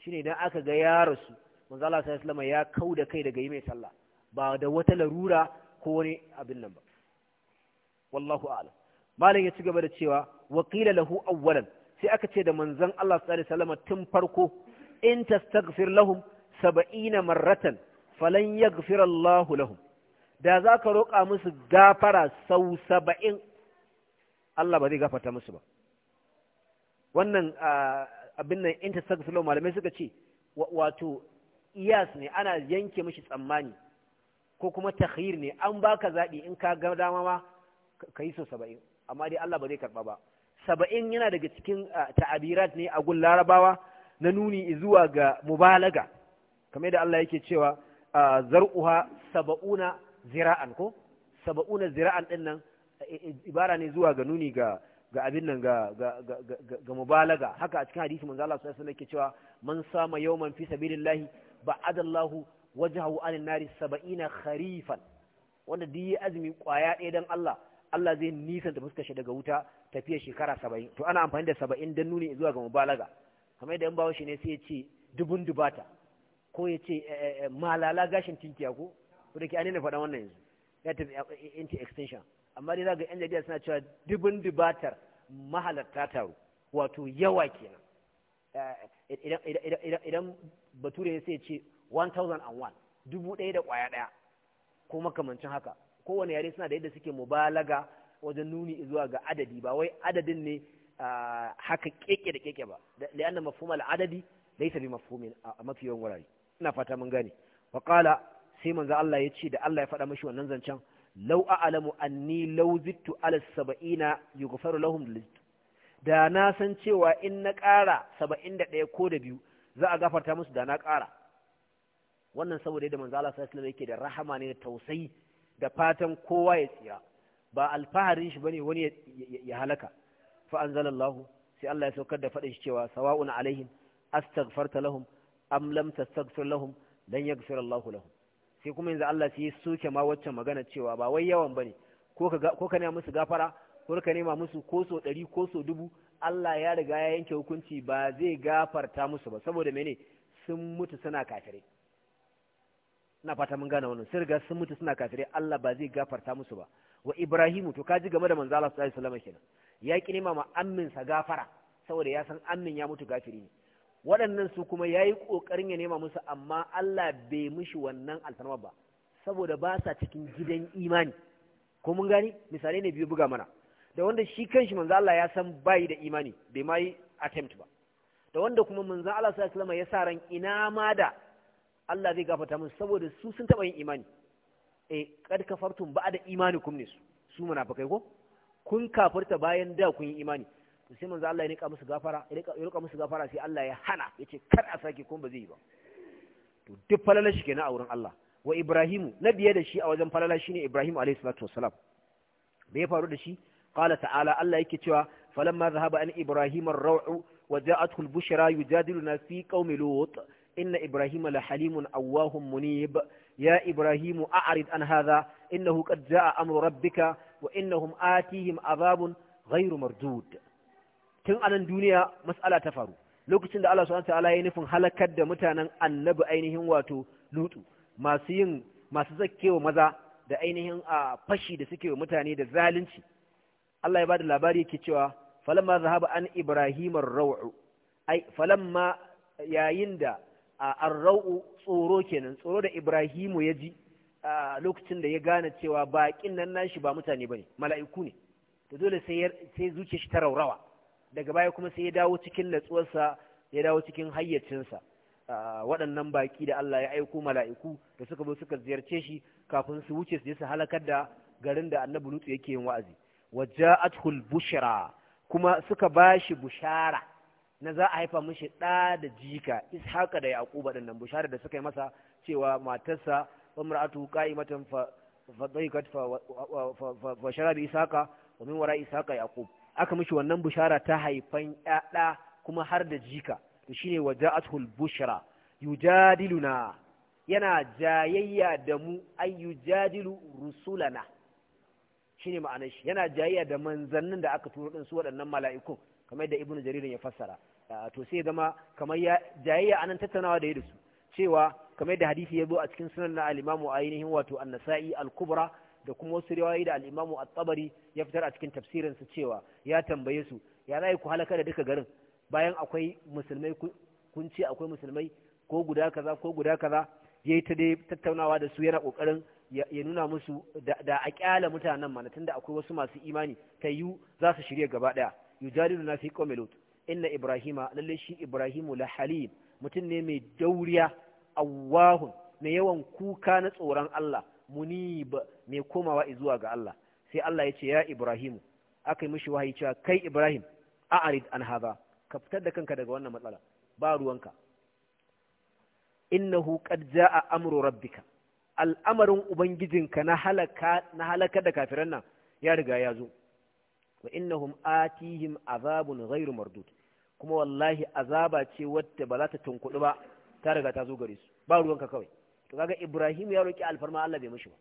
shine idan aka ga ya rasu manzo Allah sallallahu alaihi wasallam ya kauda kai daga yi mai sallah ba da wata larura ko wani abin nan ba wallahu a'lam malam ya ci gaba da cewa wa qila lahu awwalan sai aka ce da manzon Allah sallallahu alaihi wasallam tun farko in tastaghfir lahum 70 marratan falan yaghfir Allahu lahum da zaka roƙa musu gafara sau 70 Allah ba zai gafarta musu ba wannan abin nan intersex malamai suka ce wato iyas ne ana yanke mashi tsammani ko kuma takhir ne an baka zaɓi in ka ga dama ma ka yi so saba'in amma dai Allah ba zai karɓa ba saba'in yana daga cikin ta'abirat ne a gun larabawa na nuni zuwa ga mubalaga kamar da Allah yake cewa zar'uha saba'una zira'an ko saba'una zira'an ɗin nan ibara ne zuwa ga nuni ga abin nan ga mubalaga haka a cikin hadisi manzo Allah sallallahu alaihi wasallam yake cewa man sama yawman fi sabilillahi ba'adallahu wajhahu anin nari 70 kharifan wanda duk yi azumi kwaya ɗaya dan Allah Allah zai nisan nisanta fuskar shi daga wuta tafiya shekara 70 to ana amfani da 70 dan nuni zuwa ga mubalaga kamar yadda an bawo shi ne sai ya ce dubun dubata ko ya ce malala gashin tinkiya ko ko da ke an ne faɗa wannan yanzu ya tafi into extension amma dai ga yan jarida suna cewa dubin dubatar mahalarta taro wato yawa kenan eh, eh, idan bature ya ce 1001 dubu ɗaya da kwaya ɗaya ko makamancin haka kowane yare suna da yadda suke mubalaga wajen nuni zuwa ga adadi ba wai adadin ne ah, haka keke da keke ba li'anna mafhum al-adadi laysa bi mafhumin a mafi yawan wurare ina fata mun gane wa qala sai manzo Allah ya ce da Allah ya faɗa mashi wannan zancen lau a'lamu anni law zittu ala sab'ina yughfaru lahum lizt da na san cewa in na ƙara 71 ko da biyu za a gafarta musu da na ƙara wannan saboda yadda manzo Allah sallallahu alaihi yake da rahama ne da tausayi da fatan kowa ya tsira ba alfaharin shi bane wani ya halaka fa anzalallahu sai Allah ya saukar da faɗin shi cewa sawa'un alaihim astaghfarta lahum am lam tastaghfir lahum lan yaghfir Allahu lahum sai kuma yanzu Allah sai ya soke ma waccan magana cewa ba wai yawan bane ko ka ko ka nema musu gafara ko ka nema musu ko so 100 ko so 1000 Allah ya riga ya yanke hukunci ba zai gafarta musu ba saboda mene sun mutu suna kafirai ina fata mun gane wannan sun riga sun mutu suna kafirai Allah ba zai gafarta musu ba wa Ibrahimu to kaji game da manzo Allah sallallahu alaihi wasallam kenan ya ki nema ma amminsa gafara saboda ya san ammin ya mutu kafiri ne waɗannan su kuma ya yi ƙoƙarin ya nema musu amma Allah bai mushi wannan alfarma ba saboda ba sa cikin gidan imani ko mun gani misalai ne biyu buga mana da wanda shi kanshi manzo Allah ya san bai da imani bai ma yi attempt ba da wanda kuma manzo Allah sallallahu alaihi ya sa ran ina ma da Allah zai gafarta musu saboda su sun taɓa yin imani eh kad kafartum ba'da imanikum ne su su munafikai ko kun kafarta bayan da kun yi imani to sai manzo Allah ya rika musu gafara ya rika musu gafara sai Allah ya hana yace kar a sake kuma ba zai yi ba to duk falala shi kenan a wurin Allah wa Ibrahim na biye da shi a wajen falala shine Ibrahim alayhi salatu wassalam me ya faru da shi qala ta'ala Allah yake cewa falamma zahaba an Ibrahim ar-raw'u wa ja'athu al-bushra yujadiluna fi qaumi lut inna Ibrahim la halimun awwahum munib ya Ibrahim a'rid an hadha innahu qad ja'a amru rabbika wa innahum atihim azabun ghayru mardud tun anan duniya mas'ala ta faru lokacin da Allah subhanahu ta'ala ya nufin halakar da mutanen annabi ainihin wato lutu masu yin masu zakkewa maza da ainihin a fashi da suke mutane da zalunci Allah ya bada labari yake cewa falamma zahaba an ibrahimar raw'u ai falamma yayin da ar-raw'u tsoro kenan tsoro da ibrahimu ya ji lokacin da ya gane cewa baƙin nan nashi ba mutane bane mala'iku ne to dole sai sai zuciyar shi ta raurawa daga baya kuma sai ya dawo cikin natsuwarsa ya dawo cikin hayyacinsa waɗannan baƙi da Allah ya aiko mala'iku da suka zo suka ziyarce shi kafin su wuce su je su halakar da garin da annabi Lutu yake yin wa'azi waja'atul bushra kuma suka bashi bushara na za a haifa mishi ɗa da jika ishaqa da yaquba dinnan bushara da suka yi masa cewa matarsa umratu qa'imatan fa fa fa fa shara bi ishaqa wa min wara ishaqa yaqub aka mishi wannan bushara ta haifan ƴaɗa kuma har da jika to shine waja'atul bushra yujadiluna yana jayayya da mu an yujadilu rusulana shine ma'anar shi yana jayayya da manzannin da aka turo din su waɗannan mala'iku kamar yadda ibnu jaririn ya fassara to sai zama kamar ya jayayya anan tattaunawa da ya da su cewa kamar yadda hadisi ya zo a cikin sunan na al-imamu ainihin wato an-nasa'i al-kubra da kuma wasu riwayoyi da al'imamu imam at-Tabari ya fitar a cikin tafsirin su cewa ya tambaye su ya za ku halaka da duka garin bayan akwai musulmai kun ce akwai musulmai ko guda kaza ko guda kaza yayi ta dai tattaunawa da su yana kokarin ya nuna musu da a kyala mutanen mana tunda akwai wasu masu imani ta yiwu za su shirya gaba daya yujadilu na fi qawmi lut inna ibrahima lalle shi ibrahimu la halim mutum ne mai dauriya awahun. mai yawan kuka na tsoron Allah munib mai komawa zuwa ga Allah sai Allah ya ce ya Ibrahim aka yi mishi wahayi cewa kai Ibrahim a'rid an haza ka fitar da kanka daga wannan matsala ba ruwanka innahu qad jaa amru rabbika al'amarin ubangijinka na halaka na halaka da kafiran nan ya riga ya zo wa innahum atihim azabun ghairu mardud kuma wallahi azaba ce wadda ba za ta tunkuɗu ba ta riga ta zo gare su ba ruwanka kawai to kaga Ibrahim ya roki alfarma Allah bai mishi ba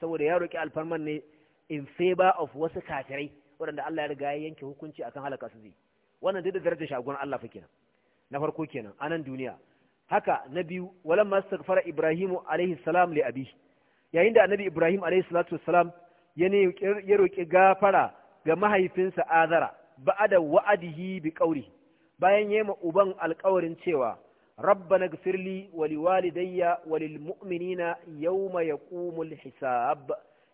saboda ya roƙi alfarman ne in favor of wasu kafirai waɗanda Allah ya riga ya yanke hukunci akan halaka su zai wannan duk da darajar shagon Allah fa kenan na farko kenan a nan duniya haka na biyu walan ma istighfara Ibrahimu alaihi salam li abi yayin da annabi Ibrahim alaihi salatu wassalam ya ne ya roƙi gafara ga mahaifinsa Azara ba'ada wa'adihi bi qawli bayan yayin uban alƙawarin cewa rabbana gfirli wa liwalidayya wa lilmu'minina yawma yaqumul hisab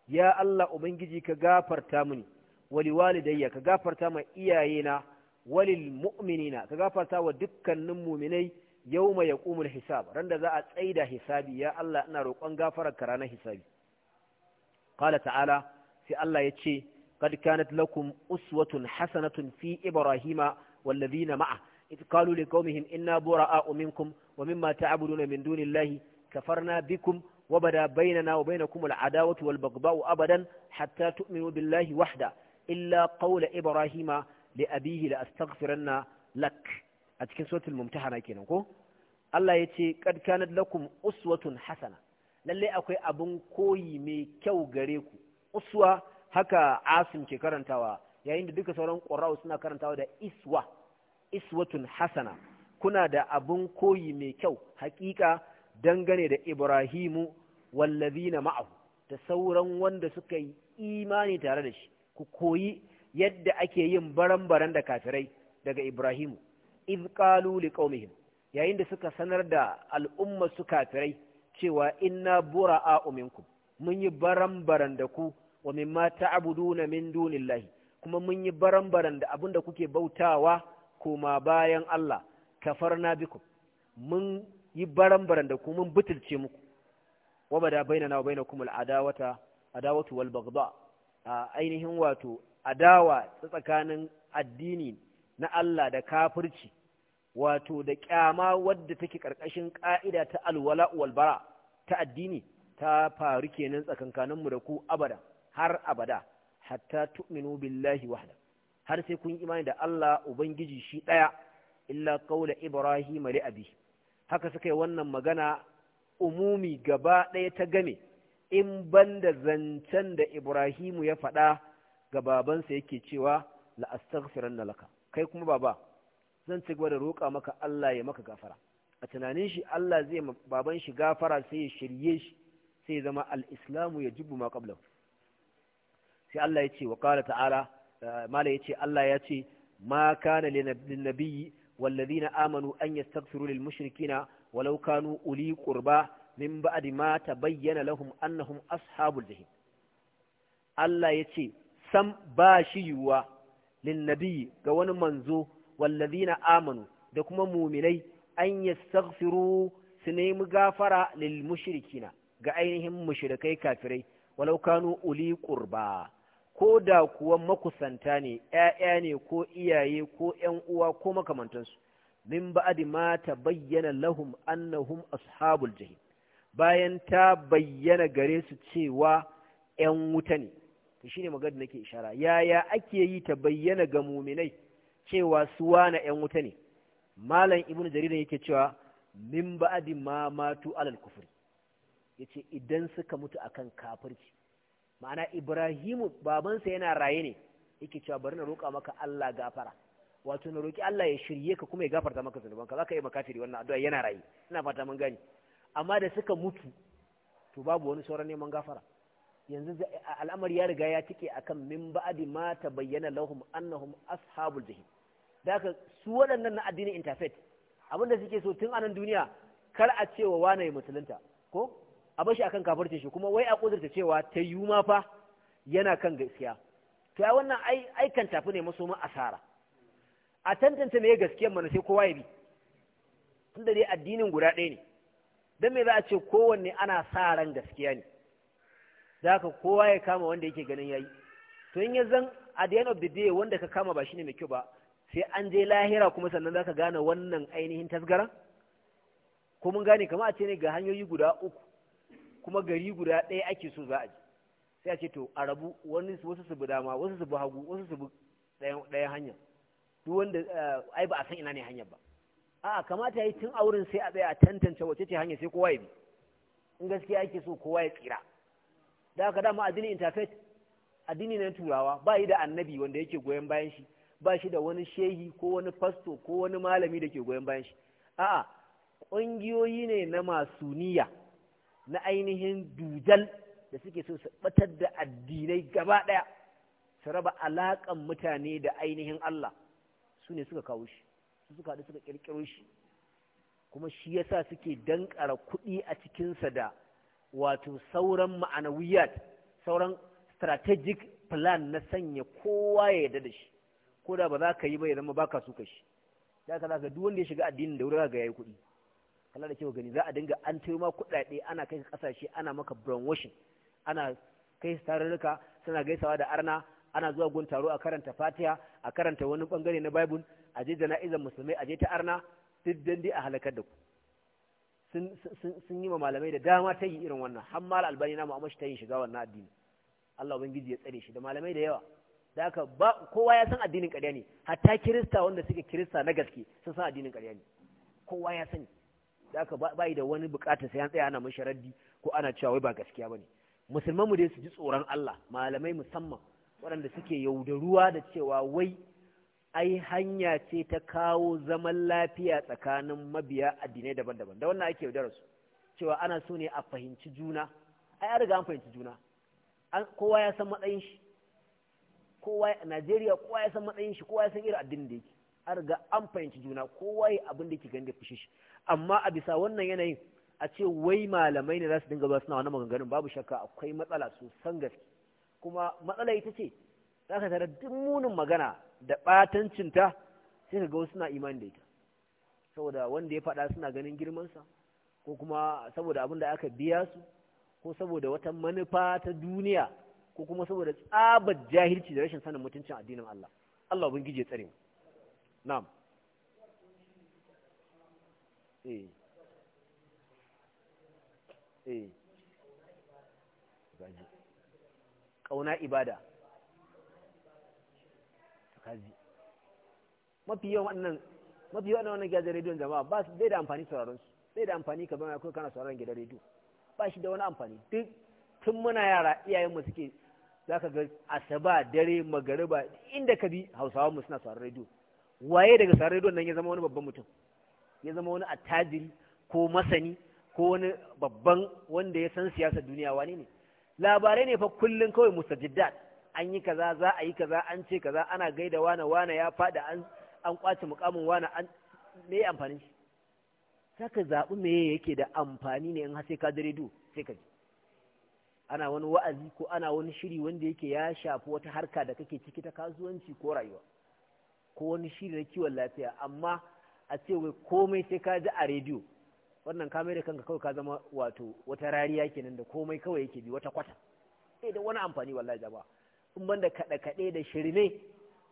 ya Allah ubangiji ka gafarta mini wa liwalidayya ka gafarta ma iyayena wa lilmu'minina ka gafarta wa dukkanin mu'minai yau yawma yaqumul hisab randa za a tsaida hisabi ya Allah ina roƙon gafararka ranar hisabi qala ta'ala sai Allah ya ce qad kanat lakum uswatun Hassanatun fi ibrahima wallazina ma'a إذ قالوا لقومهم إنا براء منكم ومما تعبدون من دون الله كفرنا بكم وبدا بيننا وبينكم العداوة والبغضاء أبدا حتى تؤمنوا بالله وحده إلا قول إبراهيم لأبيه لأستغفرن لك أتكن سورة الممتحنة كينوكو الله يتي قد كانت لكم أسوة حسنة للي أكوي أبن كوي مي كو غريكو أسوة هكا عاصم كي كرنتاوا يعني ديك سورة قراء سنة كرنتاوا دا إسوة iswatun hasana kuna da abun koyi mai kyau hakika dangane da ibrahimu wallazina ma'ahu da sauran wanda suka yi imani tare da shi ku koyi yadda ake yin baran-baran da kafirai daga ibrahimu iz qalu liqaumihim yayin da suka sanar da al'umma su kafirai cewa inna bura'a minkum mun yi baran-baran da ku wa mimma ta'buduna min dunillahi kuma mun yi baran-baran da abinda kuke bautawa koma bayan Allah kafar kafarna biku mun yi baran-baran da kuma butulce muku wa bada na wa bainakum al'adawata adawatu wal a ainihin wato adawa tsakanin addini na Allah da kafirci wato da kyama wadda take karkashin ka'ida ta alwala wal ta addini ta faru kenan tsakankaninmu da ku abada har abada hatta tu'minu billahi wahda. har sai kun imani da Allah ubangiji shi ɗaya illa qaula ibrahim li abi haka suka yi wannan magana umumi gaba daya ta game in banda zancen da ibrahimu ya faɗa ga babansa yake cewa la astaghfiranna laka kai kuma baba zan ci gaba da roƙa maka Allah ya maka gafara a tunanin shi Allah zai baban shi gafara sai ya shirye shi sai ya zama al-islamu yajibu ma qablahu sai Allah ya ce wa ta'ala mala ya ce Allah ya ce ma kana lin nabiyyi wallazina amanu an yastaghfiru lil mushrikina walau kanu uli qurba min ba'di bayyana tabayyana lahum annahum ashabul jahim Allah ya ce sam ba shi yuwa lin ga wani manzo wallazina amanu da kuma mu'minai an yastaghfiru su nemi gafara lil ga ainihin mushrikai kafirai walau kanu uli qurba ko da kuwa makusanta ne ‘ya'ya ne ko iyaye ko ‘yan uwa ko makamantansu min ba'adi ma ta bayyana lahum annahum ashabul jahim bayan ta bayyana gare su cewa ‘yan wuta ne shi ne magadi nake ishara yaya ake yi ta bayyana ga muminai cewa su wana ‘yan wuta ne malam ibnu jaridan yake cewa min ba'adi ma matu alal kufuri yace idan suka mutu akan kafirci ma'ana ibrahimu babansa yana raye ne yake cewa bari na roƙa maka Allah gafara wato na roƙi Allah ya shirye ka kuma ya gafarta maka zunubanka zaka yi makafiri wannan addu'a yana raye ina fata mun gani amma da suka mutu to babu wani sauran neman gafara yanzu al'amari ya riga ya tike akan min ba'di ma tabayyana lahum annahum ashabul jahim daga su waɗannan na addinin interfaith abinda suke so tun anan duniya kar a cewa wane musulunta ko a bashi akan kafirce shi kuma wai a kudurta cewa ta yi ma fa yana kan gaskiya to ai wannan ai aikan tafi ne maso asara a tantance me gaskiyar mana sai kowa ya bi tunda dai addinin guda ɗaya ne dan me za a ce kowanne ana sa ran gaskiya ne za ka kowa ya kama wanda yake ganin yayi to in ya zan a the end of the day wanda ka kama ba shine mai kyau ba sai an je lahira kuma sannan zaka gane wannan ainihin tasgara ko mun gane kamar a ce ne ga hanyoyi guda uku kuma gari guda ɗaya ake so za a ji sai a ce to a rabu wani wasu su bi dama wasu su bi hagu wasu su bi ɗayan hanya duk wanda eh, ai ba a san ina ne hanyar ba a'a kamata yi tun auren sai a tsaya a tantance wace ce hanya sai kowa ya bi in gaskiya ake so kowa ya tsira da haka dama addinin interfaith addini na turawa ba yi da annabi wanda yake goyon bayan shi ba shi da wani shehi ko wani fasto ko wani malami da ke goyon bayan shi a'a ƙungiyoyi ne na masu na ainihin dujal da suke so su batar da addinai gaba ɗaya su raba alaƙan mutane da ainihin Allah su ne suka kawo shi su suka haɗu suka ƙirƙiro shi kuma shi yasa suke danƙara kuɗi a cikinsa da wato sauran ma'anawiyat sauran strategic plan na sanya kowa ya yarda da shi ko da ba za ka yi ba ya zama baka suka shi da ka za ka duk wanda ya shiga addinin da wuri ga yayi kuɗi kala da kyau gani za a dinga an tayo ma kuɗaɗe ana kai kasashe ana maka washing ana kai tarurruka suna gaisawa da arna ana zuwa gun taro a karanta fatiha a karanta wani bangare na bible a je jana'izar musulmai a je ta arna duk dandi a halakar da ku sun yi ma malamai da dama ta yi irin wannan har mal albani na shi ta yi shiga wannan addini Allah ubangiji ya tsare shi da malamai da yawa da haka ba kowa ya san addinin ƙarya ne hatta kirista wanda suke kirista na gaske sun san addinin ƙarya ne kowa ya sani da aka bai da wani bukata sai an tsaya ana mashi raddi ko ana cewa wai ba gaskiya bane musulman mu dai su ji tsoron Allah malamai musamman waɗanda suke yaudaruwa da cewa wai ai hanya ce ta kawo zaman lafiya tsakanin mabiya addinai daban-daban da wannan ake yaudarar su cewa ana so ne a fahimci juna ai an riga an fahimci juna kowa ya san matsayin shi kowa Najeriya kowa ya san matsayin shi kowa ya san irin addinin da yake an riga an fahimci juna kowa waye abin da ke gani da fushi shi amma a bisa wannan yanayin a ce wai malamai ne za su dinga ba suna wani maganganun babu shakka akwai matsala sosan gaske kuma matsala ita ce za ka tara duk munin magana da batancinta sai ka ga wasu suna imani da ita saboda wanda ya faɗa suna ganin girmansa ko kuma saboda abin da aka biya su ko saboda wata manufa ta duniya ko kuma saboda tsabar jahilci da rashin sanin mutuncin addinin Allah Allah ubangiji ya tsare mu na'am eh eh gaji kauna ibada kaji mafi yawan wannan mafi yawan wannan gidajen rediyon jama'a ba su bai da amfani sauraron su bai da amfani ka bama ko kana sauraron gidan rediyo ba shi da wani amfani duk tun muna yara iyayen mu suke zaka ga asaba dare magariba inda ka bi hausawa mu suna sauraron rediyo waye daga don nan ya zama wani babban mutum ya zama wani attajiri ko masani ko wani babban wanda ya san siyasar duniya wane ne labarai ne fa kullum kawai mustajiddat an yi kaza za a yi kaza an ce kaza ana gaida wana wana ya fada an an kwace mukamin wana an me amfani shi saka zabu me yake da amfani ne in har sai ka ji sai ka ana wani wa'azi ko ana wani shiri wanda yake ya shafi wata harka da kake ciki ta kasuwanci ko rayuwa ko wani shiri na kiwon lafiya amma a ce wai komai sai ka ji a rediyo wannan ka da kanka kawai ka zama wato wata rariya kenan da komai kawai yake bi wata kwata sai da wani amfani wallahi jama'a in ban da kaɗe kaɗe da shirme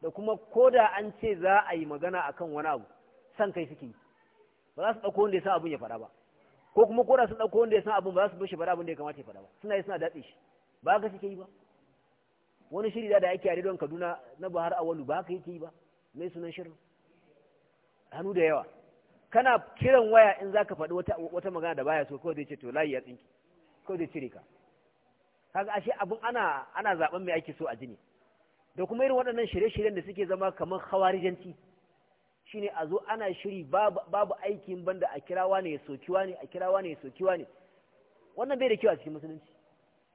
da kuma ko da an ce za a yi magana akan wani abu san kai suke yi ba za su ɗauko wanda ya san abin ya fara ba ko kuma ko da su ɗauko wanda ya san abun ba za su bushe shi abun abin da ya kamata ya fara ba suna yi suna datse shi ba haka suke yi ba wani shiri da ake a rediyon kaduna na buhari awalu ba haka yake yi ba mai sunan shirin hannu da yawa kana kiran waya in za ka faɗi wata magana da baya so kawai zai ce to layi ya tsinki kawai zai cire ka kaga ashe abin ana ana zaben mai ake so a jini da kuma irin waɗannan shirye-shiryen da suke zama kamar hawarijanci shine a zo ana shiri babu aikin banda a kirawa ne ya sokiwa ne a kirawa ne ya sokiwa ne wannan bai da kyau a cikin musulunci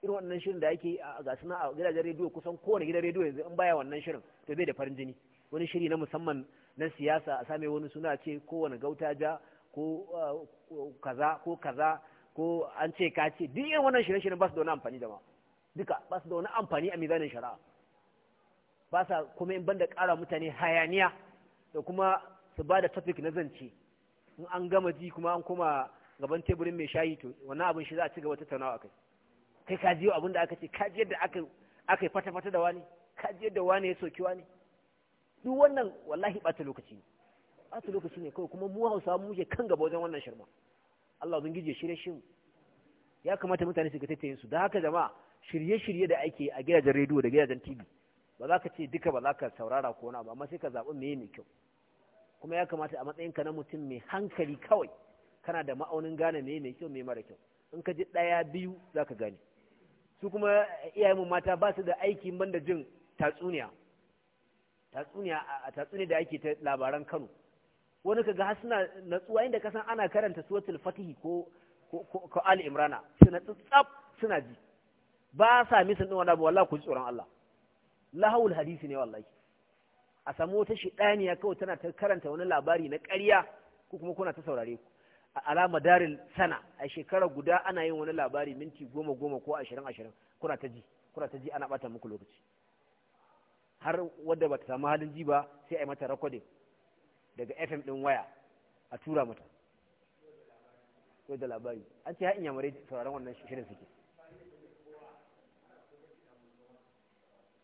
irin waɗannan shirin da ake a ga a gidajen rediyo kusan kowane gidan rediyo yanzu in baya wannan shirin to bai da farin jini wani shiri na musamman na siyasa a same wani suna ce kowane gauta ja ko uh, kaza ko kaza ko an ce ka ce duk yin wannan shirye-shiryen ba su da wani amfani ma duka ba su da wani amfani a mizanin shari'a ba sa kuma in banda ƙara mutane hayaniya da kuma su ba da tafik na zance in an gama ji kuma an koma gaban teburin mai shayi to wannan abin shi za a ci gaba tattaunawa kai kai ka ji abin da aka ce ka ji yadda aka yi fata fata da wani ka ji yadda wani ya soki wani duk wannan wallahi ɓata lokaci ne ɓata lokaci ne kawai kuma mu hausa mu je kan gaba wajen wannan shirma Allah zan gije shirye shi ya kamata mutane su ga tattayin su da haka jama'a shirye-shirye da ake a gidajen rediyo da gidajen TV ba za ka ce duka ba za ka saurara ko na ba amma sai ka zaɓi me mai kyau kuma ya kamata a matsayin ka na mutum mai hankali kawai kana da ma'aunin gane me mai kyau me mara kyau in ka ji ɗaya biyu za ka gane su kuma mu mata ba su da aiki ban jin tatsuniya tatsuniya a tatsuniya da ake ta labaran Kano wani kaga har suna natsuwa inda kasan ana karanta suratul fatihi ko ko ali imrana suna tsatsab suna ji ba sa misin din wani ku ji tsoron Allah lahawul hadisi ne wallahi a samu wata shidaniya kawai tana ta karanta wani labari na ƙarya ko kuma kuna ta saurare ku a alama darin sana a shekara guda ana yin wani labari minti goma goma ko ashirin ashirin kuna ta ji kuna ta ji ana bata muku lokaci har wadda ba ta samu halin ji ba sai a yi mata rakodin daga fm ɗin waya a tura mata yau da labari an ce hain yamare sauraron wannan shirin suke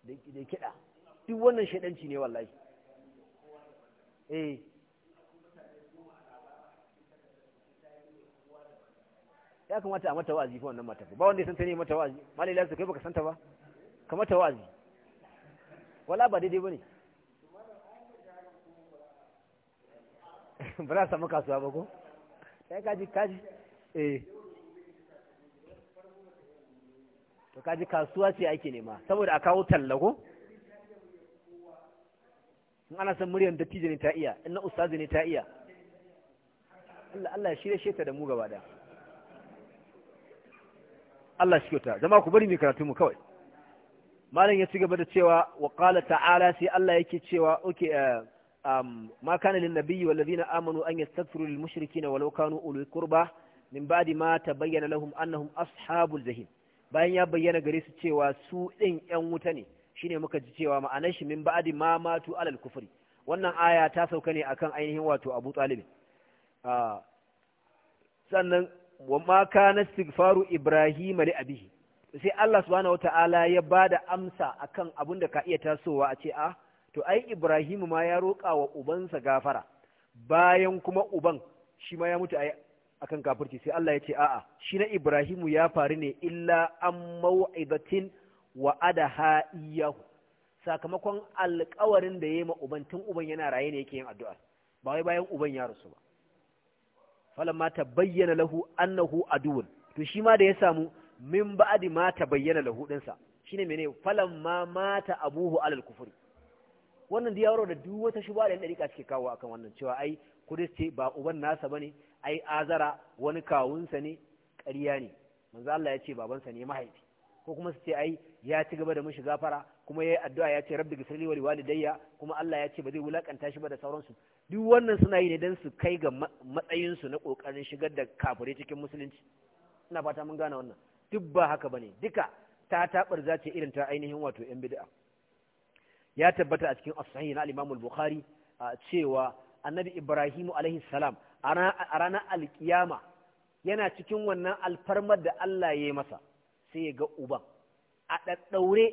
da kiɗa duk wannan shaidanci ne wallahi eh ya kamata a mata wa'azi fa wannan mata ba wanda ya santa ne mata wa'azi malai su kai baka santa ba ka mata wa'azi wala ba daidai ba ne ba za a samu kasuwa ba ko sai kaji kaji eh to kaji kasuwa ce ake nema saboda a kawo talla ko ana son muryar dattijo ne ta iya ina ustazi ne ta iya Allah Allah ya shirye sheta da mu gaba da Allah shi kyauta zama ku bari mai karatu mu kawai malam ya ci gaba da cewa wa qala ta'ala sai Allah yake cewa okay uh, um ma kana lin nabiyyi wal ladina amanu an yastaghfiru lil mushrikeena walau kanu ulul qurba min ba'di ma tabayyana lahum annahum ashabul jahim bayan ya bayyana gare su cewa su din yan wuta ne shine muka ji cewa ma'anar shi min ba'di ma matu alal kufri wannan aya ta sauka ne akan ainihin wato Abu Talib uh, sannan wa ma kana istighfaru ibrahima li abihi sai Allah subhanahu wata'ala ya ba da amsa akan abin da ka iya tasowa a ce a ah, to ai ibrahim ma ya roƙa wa ubansa gafara bayan kuma uban shi ma ya mutu akan kafirci sai Allah ya ce a'a shi na ibrahim ya faru ne illa an mau'izatin wa adaha iyahu sakamakon alƙawarin da ya yi ma uban tun uban yana raye ne yake yin addu'a ba wai bayan uban ya rasu ba falamma tabayyana lahu annahu aduwwun to shi ma da ya samu min ba'di ma tabayyana lahu shi shine mene falan ma mata abuhu alal kufri wannan da yaro da duk wata shubha da dariƙa suke kawo akan wannan cewa ai kristi ba uban nasa bane ai azara wani kawunsa ne ƙarya ne manzo Allah ya ce babansa ne mahaifi ko kuma su ce ai ya ci gaba da mishi gafara kuma yayi addu'a ya ce rabbi gisirli wali walidayya kuma Allah ya ce ba zai wulakanta shi ba da sauransu duk wannan suna yi ne dan su kai ga matsayinsu na kokarin shigar da kafirai cikin musulunci ina fata mun gane wannan duk ba haka bane duka ta tabar zace irin ta ainihin wato yan bid'a ya tabbata a cikin as-sahih na al-Imam al-Bukhari cewa Annabi Ibrahim alaihi salam a ranar alkiyama yana cikin wannan alfarmar da Allah ya yi masa sai ya ga uban a ɗaɗɗaure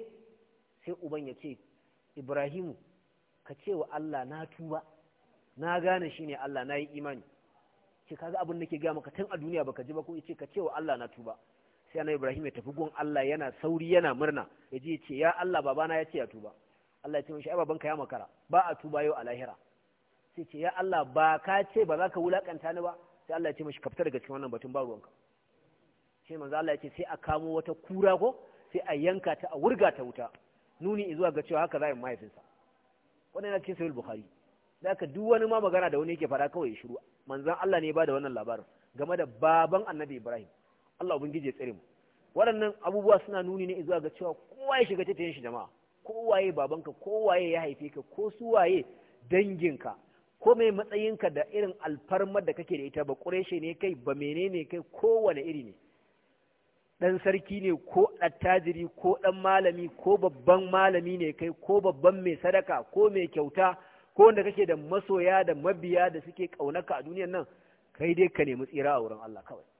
sai uban ya ce Ibrahimu ka ce wa Allah na tuba na gane shi ne Allah na yi imani ce kaga abin da ke gama maka tun a duniya baka ji ba ko ce ka ce wa Allah na tuba sai annabi ibrahim ya tafi gun Allah yana sauri yana murna ya je ce ya Allah babana ya ce ya tuba Allah ya ce mashi ai babanka ya makara ba a tuba yau a lahira sai ce ya Allah ba ka ce ba za ka wulakanta ni ba sai Allah ya ce ka fita daga cikin wannan batun ba ruwanka sai manzo Allah ya ce sai a kamo wata kura ko sai a yanka ta a wurga ta wuta nuni zuwa ga cewa haka za a yi mahaifinsa wannan yana cikin sahih bukhari da ka duk wani ma magana da wani yake fara kawai ya shiru manzon Allah ne ya bada wannan labarin game da baban annabi Ibrahim Allah ubangiji ya tsare mu waɗannan abubuwa suna nuni ne zuwa ga cewa kowa ya shiga tafiyan shi jama'a kowaye babanka kowaye ya haife ka ko su suwaye danginka ko mai matsayinka da irin alfarmar da kake da ita ba ƙureshe ne kai ba menene kai kowane iri ne dan sarki ne ko attajiri ko ɗan malami ko babban malami ne kai ko babban mai sadaka ko mai kyauta ko wanda kake da masoya da mabiya da suke ƙaunaka a duniyan nan kai dai ka nemi tsira a wurin Allah kawai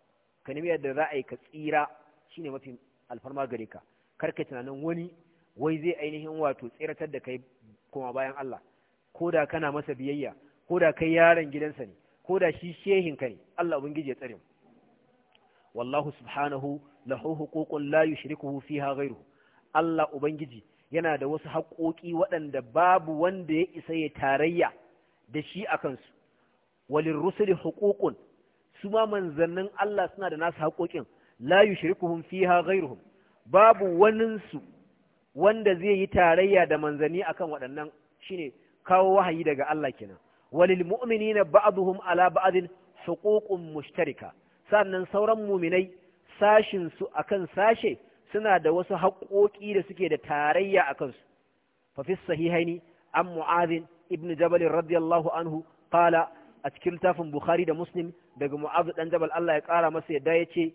ka nemi yadda za a yi ka tsira shi ne mafi alfarma gare ka karka tunanin wani wai zai ainihin wato tsiratar da kai kuma bayan Allah ko da kana masa biyayya ko da kai yaron gidansa ne ko da shi shehin ka ne Allah ubangiji ya tsare wallahu subhanahu lahu huququn la yushrikuhu fiha ghayruhu Allah ubangiji yana da wasu haƙoƙi waɗanda babu wanda ya isa ya tarayya da shi a kansu walin rusuli hukukun su ma manzannin Allah suna da nasu haƙoƙin la yushrikuhum fiha ghairuhum babu waninsu wanda zai yi tarayya da manzani akan waɗannan shine kawo wahayi daga Allah kenan walil mu'minina ba'dhum ala ba'din huququn mushtarika sannan sauran mu'minai sashin su akan sashe suna da wasu haƙoƙi da suke da tarayya akan su fa fi sahihaini an mu'adhin ibn jabal radiyallahu anhu qala a cikin littafin Bukhari da Muslim daga Mu'az dan Jabal Allah ya kara masa yadda yace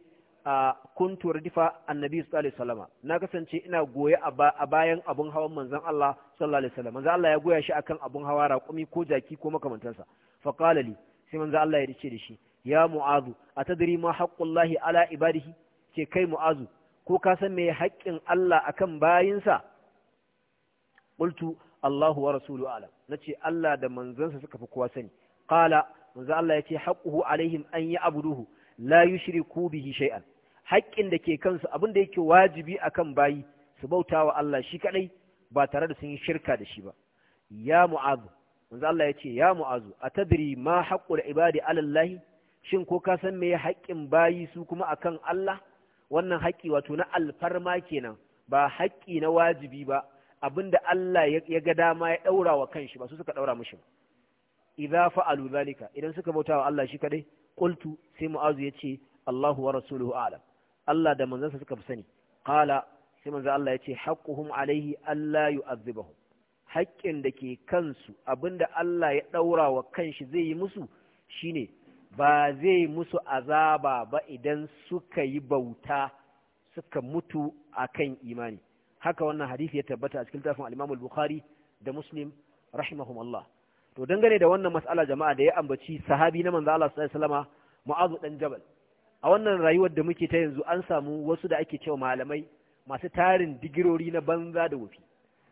kuntu radifa annabi sallallahu alaihi wasallam na kasance ina goye a bayan abun hawan manzon Allah sallallahu alaihi wasallam manzon Allah ya goya shi akan abun hawa raƙumi ko jaki ko makamantansa fa qala li sai manzon Allah ya dace da shi ya Mu'az atadri ma haqqullahi ala ibadihi ce kai Mu'az ko ka san me haƙƙin Allah akan bayinsa qultu Allahu wa rasuluhu alam nace Allah da manzansa suka fi kowa sani qala manzo Allah yace haqquhu alaihim an ya'buduhu la yushriku bihi shay'an haƙƙin da ke kansu abin da yake wajibi akan bayi su bautawa Allah shi kadai ba tare da sun yi shirka da shi ba ya mu'azu manzo Allah yace ya mu'azu atadri ma haqqul ibadi ala Allah shin ko ka san meye haƙƙin bayi su kuma akan Allah wannan haƙƙi wato na alfarma kenan ba haƙƙi na wajibi ba abinda Allah ya ga dama ya daura wa kanshi ba su suka daura mishi ba idza fa'alu zalika idan suka bauta wa Allah shi kadai qultu sai mu'azu yace Allahu wa rasuluhu a'lam Allah da manzansa suka fi sani qala sai manzo Allah yace haqquhum alaihi alla yu'adhibahum haƙƙin da ke kansu abinda Allah ya daura wa kanshi zai yi musu shine ba zai musu azaba ba idan suka yi bauta suka mutu akan imani haka wannan hadisi ya tabbata a cikin tafin al-Imam al-Bukhari da Muslim rahimahumullah to dangane da wannan mas'ala jama'a da ya ambaci sahabi na manzo Allah sallallahu alaihi wasallama mu'azu dan jabal a wannan rayuwar da muke ta yanzu an samu wasu da ake cewa malamai masu tarin digirori na banza da wufi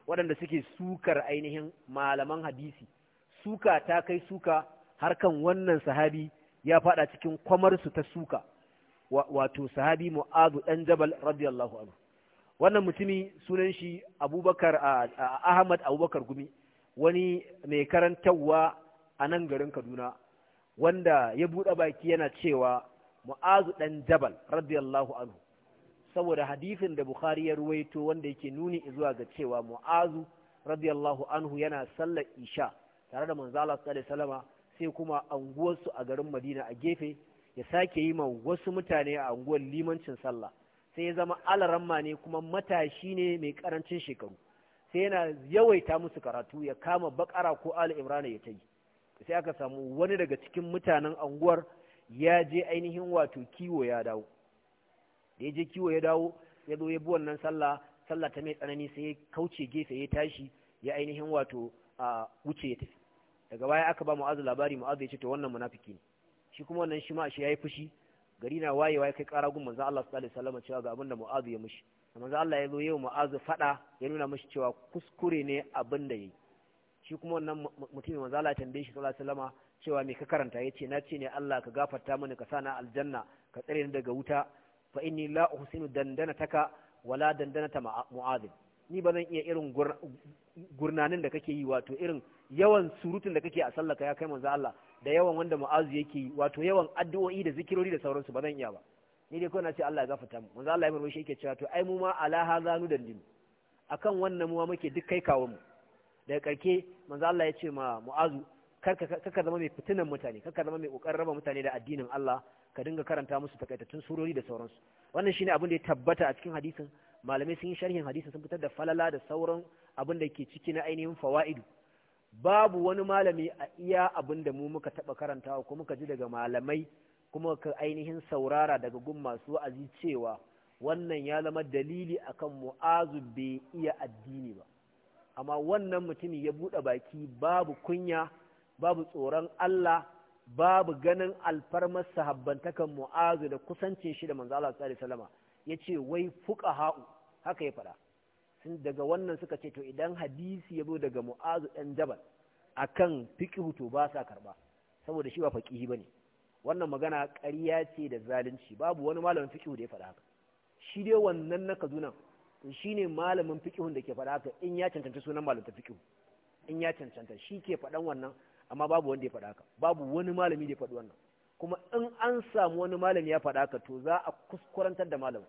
waɗanda suke sukar ainihin malaman hadisi suka ta kai suka harkan wannan sahabi ya faɗa cikin kwamarsu ta suka wato sahabi mu'azu dan jabal radiyallahu anhu wannan mutumi sunan shi abubakar ahmad abubakar gumi wani mai karantarwa a nan garin Kaduna wanda ya buɗe baki yana cewa Mu'azu ɗan Jabal radiyallahu anhu saboda hadisin da Bukhari ya ruwaito wanda yake nuni zuwa ga cewa Mu'azu radiyallahu anhu yana sallar Isha tare da manzo Allah sallallahu alaihi sai kuma anguwarsu a garin Madina a gefe ya sake yi ma wasu mutane a anguwar limancin sallah sai ya zama alaramma ne kuma matashi ne mai karancin shekaru sai yana yawaita musu karatu ya kama bakara ko ali imrana ya yi sai aka samu wani daga cikin mutanen anguwar ya je ainihin wato kiwo ya dawo da ya je kiwo ya dawo ya zo ya bi wannan sallah sallah ta mai tsanani sai ya kauce gefe ya tashi ya ainihin wato a wuce ya tafi daga baya aka ba mu'azu labari mu'azu ya ce to wannan munafiki ne shi kuma wannan shi ma shi yayi fushi gari na wayewa ya kai kara gun manzo Allah sallallahu alaihi wasallam cewa ga abin da mu'azu ya mishi manzo Allah ya zo yau mu'azu fada ya nuna mashi cewa kuskure ne abin da yayi shi kuma wannan mutumin manzo Allah ya tambaye shi sallallahu alaihi wasallama cewa me ka karanta yace na ce ne Allah ka gafarta mini ka sana aljanna ka tsare ni daga wuta fa inni la uhsinu dandanataka wala dandanata mu'adh ni ba zan iya irin gurnanin da kake yi wato irin yawan surutun da kake a sallaka ya kai manzo Allah da yawan wanda mu'azu yake yi wato yawan addu'o'i da zikirori da sauransu ba zan iya ba ni dai kawai na ce Allah ya gafarta mu manzo Allah ya murmushi yake cewa to ai mu ma ala hadha nu dallim akan wannan mu muke duk kai kawo mu daga karke manzo Allah ya ce ma mu'azu Kar ka zama mai fitinan mutane Kar ka zama mai kokarin raba mutane da addinin Allah ka dinga karanta musu takaitattun surori da sauransu wannan shine abin da ya tabbata a cikin hadisin malamai sun yi sharhin hadisin sun fitar da falala da sauran abin da ke ciki na ainihin fawaidu babu wani malami a iya abin da mu muka taba karantawa ko muka ji daga malamai kuma ka ainihin saurara daga gun masu wa'azi cewa wannan ya zama dalili akan mu'azu bai iya addini ba amma wannan mutumin ya buɗe baki babu kunya babu tsoron Allah babu ganin alfarmar sahabbantakan mu'azu da kusancin shi da manzo Allah sallallahu alaihi wasallam yace wai fuqaha'u haka ya fada sun daga wannan suka ce to idan hadisi ya zo daga mu'azu dan jabal akan fiqhu to ba sa karba saboda shi ba faqihi bane wannan magana ƙarya ce da zalunci babu wani malamin fiƙi da ya faɗa haka shi dai wannan na Kaduna ne malamin fiƙi da ke faɗa haka in ya cancanta sunan malamin fiƙi in ya cancanta shi ke faɗan wannan amma babu wanda ya faɗa haka babu wani malami da ya faɗi wannan kuma in an samu wani malami ya faɗa haka to za a kuskurantar da malamin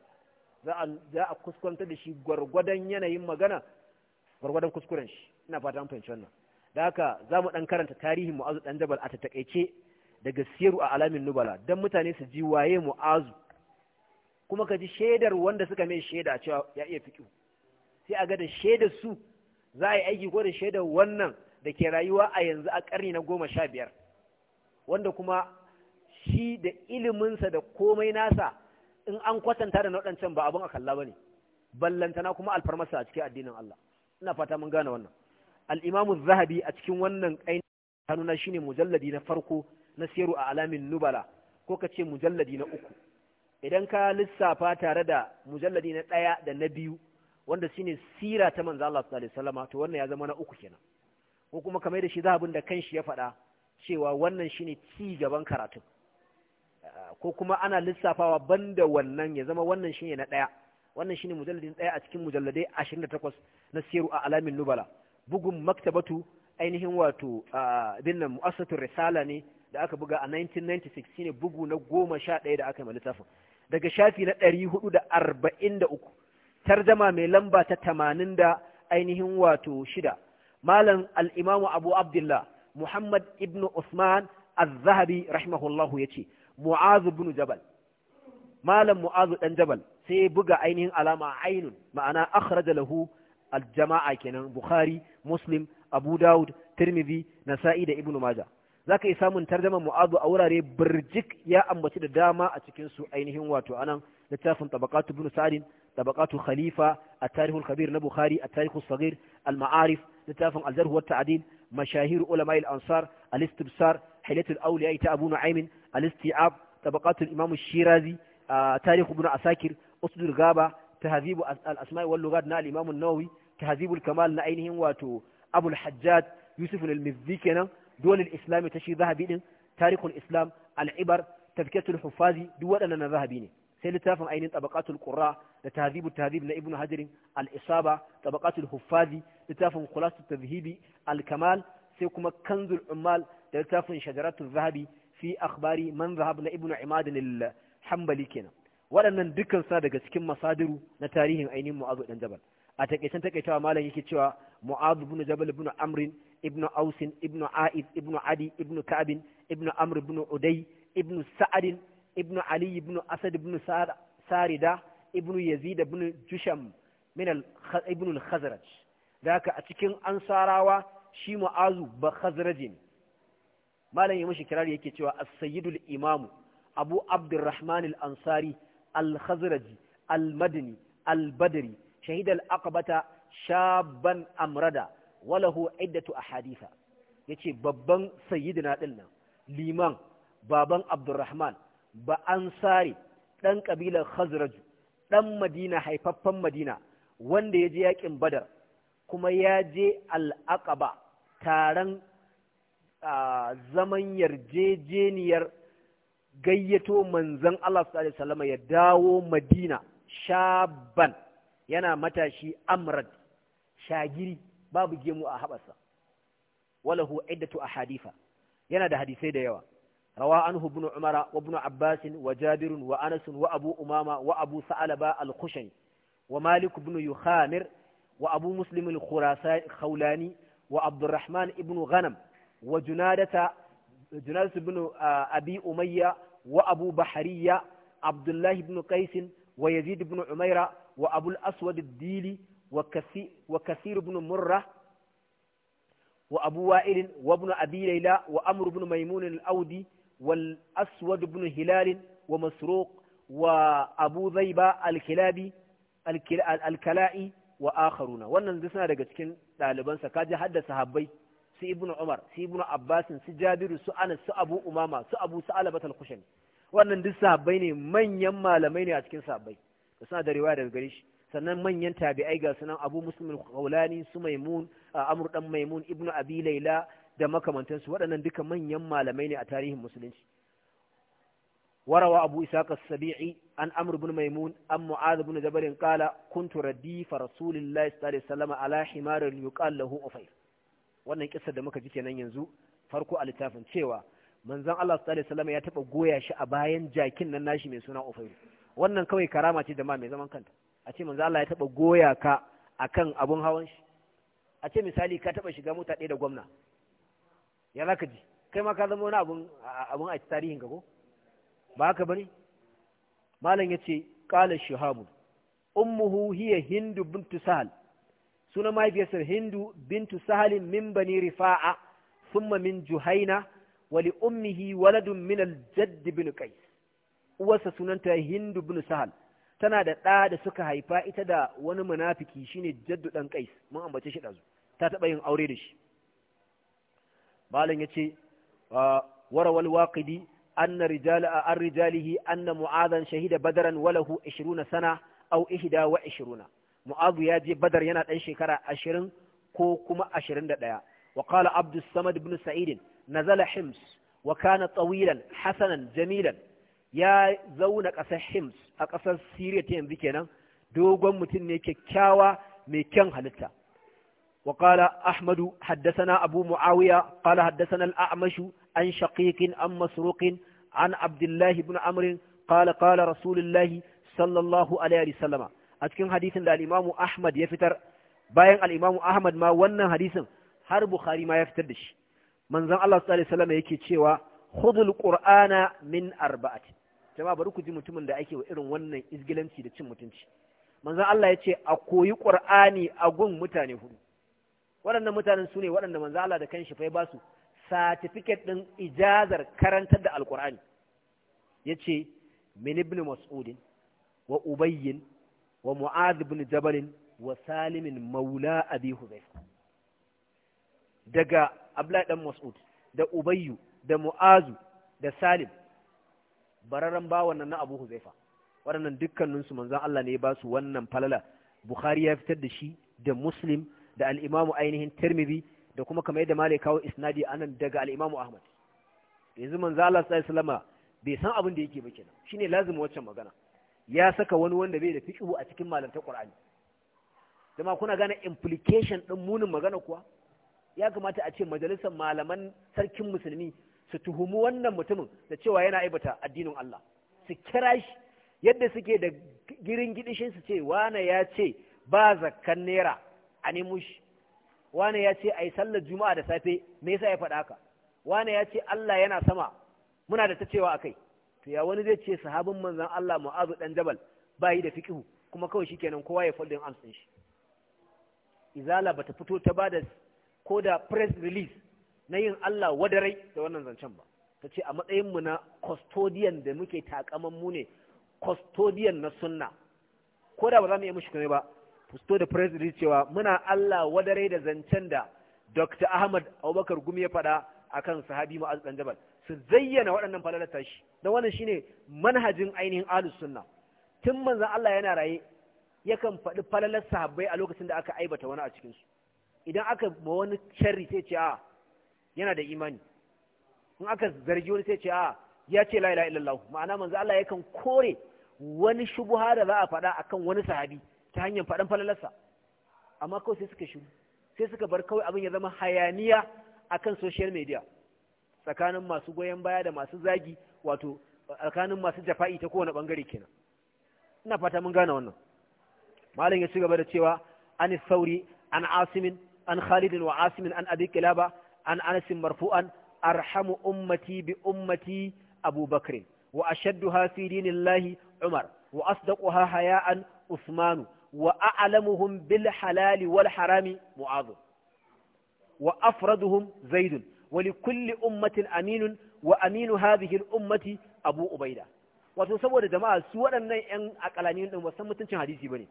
za a kuskurantar da shi gwargwadon yanayin magana gwargwadon kuskuren shi ina fata an fahimci wannan da haka za mu ɗan karanta tarihin mu'azu ɗan jabal a ta taƙaice daga siyaru a alamin nubala don mutane su ji waye mu'azu kuma ka ji shaidar wanda suka mai shaida cewa ya iya fiƙi sai a ga da shaidar su za a yi aiki ko da shaidar wannan da ke rayuwa a yanzu a ƙarni na goma sha biyar wanda kuma shi da iliminsa da komai nasa in an kwatanta da na ba abin a kalla ba ne ballantana kuma alfarmasa a cikin addinin Allah ina fata mun gane wannan al-imamu zahabi a cikin wannan ainihin kanuna shine mujalladi na farko na siyaru a alamin nubala ko ka ce mujalladi na uku idan ka lissafa tare da mujalladi na ɗaya da na biyu wanda shine sira ta manzo Allah sallallahu alaihi wasallam to wannan ya zama na uku kenan ko kuma kamar da shi zahabin da kanshi ya faɗa cewa wannan shine ci gaban karatun ko kuma ana lissafawa banda wannan ya zama wannan shine na ɗaya wannan shine mujalladin ɗaya a cikin mujalladai 28 na siru a alamin nubala bugun maktabatu ainihin wato bin nan risala ne da aka buga a 1996 shine bugu na goma sha ɗaya da aka yi littafin daga shafi na ɗari hudu da arba'in da uku tarjama mai lamba ta tamanin da ainihin wato shida malam al'imamu abu abdullah muhammad ibn usman az-zahabi rahimahullahu ya ce mu'azu ibn jabal malam mu'azu dan jabal sai buga ainihin alama ainun ma'ana akhraj lahu al-jama'a kenan bukhari muslim abu dawud tirmidhi nasa'i da ibnu majah za ka yi samun tarjama mu'adu a wurare birjik ya ambaci da dama a cikinsu ainihin wato anan littafin tabakatu bin sa'adin tabakatu khalifa a tarihul kabir na bukhari a tarihul sagir al-ma'arif littafin aljarhu wa ta'adil mashahir ulama al-ansar al-istibsar hilatul awliya ta abu nu'aymin al-isti'ab tabakatu imam shirazi a ah, tarihu ibn asakir usdul gaba tahzibu al-asma'i wal lughat na al-imam an-nawawi tahzibul kamal na ainihin wato abul hajjaj yusuf al-mizzi kenan دول الإسلام تشي ذهبي دين تاريخ الإسلام العبر تذكية الحفاظ دول أننا ذهبي دين سيلتاف أين طبقات القراء لتهذيب التهذيب لابن هجر الإصابة طبقات الحفاظ لتاف خلاصة التذهيب الكمال سيكما كنز العمال لتاف شجرات الذهبي في أخبار من ذهب لابن عماد الحنبلي كنا waɗannan dukkan sa daga cikin masadiru na tarihin ainihin mu'azu ɗan jabal a taƙaicen taƙaitawa malam yake cewa mu'azu bin jabal amrin ibnu ausin ibnu aiz ibnu adi ibnu Kabin ibnu amr ibnu udai ibnu sa'adin ibnu ali ibnu asad ibnu sarida ibnu yazid ibnu jusham min al ibnu al a cikin ansarawa shi mu'azu ba khazrajin malam ya mishi kirari yake cewa as-sayyidul imamu abu abdurrahman al-ansari al-khazraji al-madani al-badri shahid al-aqabata shaban amrada walahu iddatu ahaditha yace babban sayyidina dinnan liman baban abdurrahman ba ansari dan kabilar khazraj dan madina haifaffen madina wanda ya je yakin badar kuma ya je al'aqaba taron zaman yarjejeniyar gayyato manzon Allah sallallahu alaihi wasallam ya dawo madina shaban yana matashi amrad shagiri babu gemu a haɓarsa walahu iddatu ahadifa yana da hadisai da yawa rawa anhu ibn umara wa ibn abbas wa jabir wa anas wa abu umama wa abu sa'alaba al-khushani wa malik ibn yukhamir wa abu muslim al-khurasani wa abdurrahman ibn ghanam wa junadata junadata ibn uh, abi umayya wa abu bahariya abdullahi ibn qais wa yazid ibn umaira wa abu al-aswad ad-dili wa kasir ibn murra wa abu wa'il wa ibn abi wa amr ibn maimun al-audi wal aswad ibn hilal wa masruq wa abu zaiba al-kilabi al-kala'i wa akharuna wannan duk suna daga cikin ɗalibansa kaji hadda sahabbai su ibnu umar su ibnu abbasin su jabiru su anas su abu umama su abu sa'alabat al-kushani wannan duk sahabbai ne manyan malamai ne a cikin sahabbai suna da riwaya daga gare shi sannan manyan tabi'ai ga sunan abu muslim al su maimun amr dan maimun ibnu abi laila da makamantansu waɗannan duka manyan malamai ne a tarihin musulunci warawa abu isaq as-sabi'i an amr ibn maimun an mu'adh ibn jabal qala kuntu radifa rasulillahi sallallahu alaihi wasallam ala himar yuqal lahu ufayr wannan kissa da muka ji kenan yanzu farko a littafin cewa manzon Allah sallallahu alaihi wasallam ya taba goya shi a bayan jakin nan nashi mai suna ufayr wannan kawai karama ce da ma mai zaman kanta a ce manzo Allah ya taba goya ka akan abun hawan shi a ce misali ka taba shiga mota ɗaya da gwamna ya ka ji kai ma ka zama wani abun abun a tarihin ka ko ba haka bane malam yace qala shihabu ummuhu hiya hindu bintu sahal sunan mahaifiyarsa hindu bintu sahal min bani rifa'a thumma min juhaina wa li ummihi waladun min al-jadd bin qais uwarsa sunanta hindu bin sahal tana da ɗa da suka haifa ita da wani munafiki shine jaddu ɗan kais mun ambace shi ɗazu ta taɓa yin aure da shi malam ya ce ah, warawal waqidi anna rijala an rijalihi anna mu'adhan shahida badaran walahu 20 sana aw ihda wa 20 ya je badar yana ɗan shekara ashirin ko kuma 21 wa qala abdus samad ibn sa'id nazala hims wa kana tawilan hasanan jamilan ya zauna ƙasar hims a ƙasar siriya ta yanzu kenan dogon mutum ne kyakkyawa mai kyan halitta Ahmadu أحمد حدثنا أبو معاوية قال حدثنا الأعمش عن an عن an عن عبد الله بن عمرو قال قال رسول الله صلى الله عليه وسلم أتكن حديث الإمام أحمد يفتر باين الإمام أحمد ما ونن حديث har Bukhari ma ya fitar da shi manzon Allah sallallahu alaihi wasallam yake cewa khudhul qur'ana min arba'a. jama'a bari ku ji mutumin da ake wa irin wannan izgilanci da cin mutunci manzon Allah ya ce a koyi ƙur'ani a gun mutane hudu waɗannan mutanen su ne waɗanda manzon Allah da kanshi fai ba su certificate din ijazar karantar da alqur'ani yace min ibn mas'ud wa ubayy wa mu'adh bin jabal wa Salimin, maula abi hudayfa daga abla dan mas'ud da ubayyu da mu'azu da salim bararren bawan nan na Abu Huzaifa waɗannan dukkaninsu manzon Allah ne ya ba su wannan falala Bukhari ya fitar da shi da Muslim da al ainihin Tirmidhi da kuma kamar yadda malai kawo isnadi anan daga al Ahmad yanzu manzon Allah sallallahu alaihi bai san abin da yake ba kenan ne lazimi waccan magana ya saka wani wanda bai da fiqhu a cikin malantar Qur'ani dama kuna gane implication ɗin munin magana kuwa ya kamata a ce majalisar malaman sarkin musulmi su tuhumi wannan mutumin da cewa yana aibata addinin Allah su kira shi yadda suke da girin gidishin su ce wane ya ce ba zakkan naira a nemo shi wane ya ce a yi sallar juma'a da safe me yasa ya faɗa haka wane ya ce Allah yana sama muna da ta cewa akai to ya wani zai ce sahabin manzon Allah Mu'adh dan Jabal ba yi da fiqhu kuma kawai shikenan kowa ya folding arms shi izala bata fito ta bada ko da press release na yin Allah wadarai da wannan zancen ba ta ce a matsayin mu na custodian da muke takaman mu ne custodian na sunna ko da ba za mu yi mushi kuma ba fusto da president cewa muna Allah wadarai da zancen da Dr. Ahmad Abubakar Gumi ya faɗa akan sahabi Mu'az dan Jabal su zayyana waɗannan falalar tashi don wannan shine manhajin ainihin ahlus sunna tun manzon Allah yana raye yakan faɗi falalar sahabbai a lokacin da aka aibata wani a cikin su idan aka ma wani sharri sai ce a ah, yana da imani in aka zargi wani sai ce a ya ce la ilaha illallah ma'ana manzo Allah yakan kore wani shubuha da za a faɗa akan wani sahabi ta hanyar faɗan falalarsa amma kawai sai suka shiru sai suka bar kawai abin ya zama hayaniya akan social media tsakanin masu goyon baya da masu zagi wato tsakanin masu jafa'i ta kowane bangare kenan ina fata mun gane wannan malam ya ci gaba da cewa an sauri an asimin an khalidin wa asimin an abi kilaba an anas marfu'an arhamu ummati bi ummati abu wa ashadduha fi dinillahi umar wa asdaquha haya'an usmanu wa a'lamuhum bil halali wal harami mu'adh wa afraduhum zaidun wa kulli ummatin Aminu wa aminu hadhihi al ummati abu ubaida wato saboda jama'a su waɗannan 'yan akalani ɗin ba san mutuncin hadisi ba ne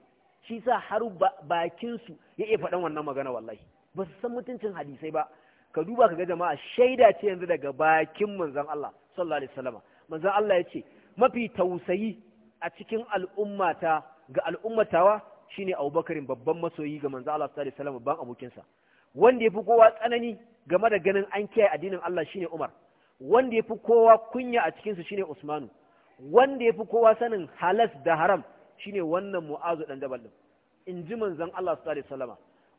shi sa har bakinsu ya iya faɗan wannan magana wallahi ba su san mutuncin hadisai ba ka duba ka ga jama'a shaida ce yanzu daga bakin manzon Allah sallallahu alaihi wasallam manzon Allah yace mafi tausayi a cikin al'ummata ga al'ummatawa shine Abubakar babban masoyi ga manzon Allah sallallahu alaihi wasallam babban abokin sa wanda yafi kowa tsanani game da ganin an kiyaye addinin Allah shine Umar wanda yafi kowa kunya a cikin su shine Usmanu wanda yafi kowa sanin halas da haram shine wannan Mu'azu dan Jabal din in ji Allah sallallahu alaihi wasallam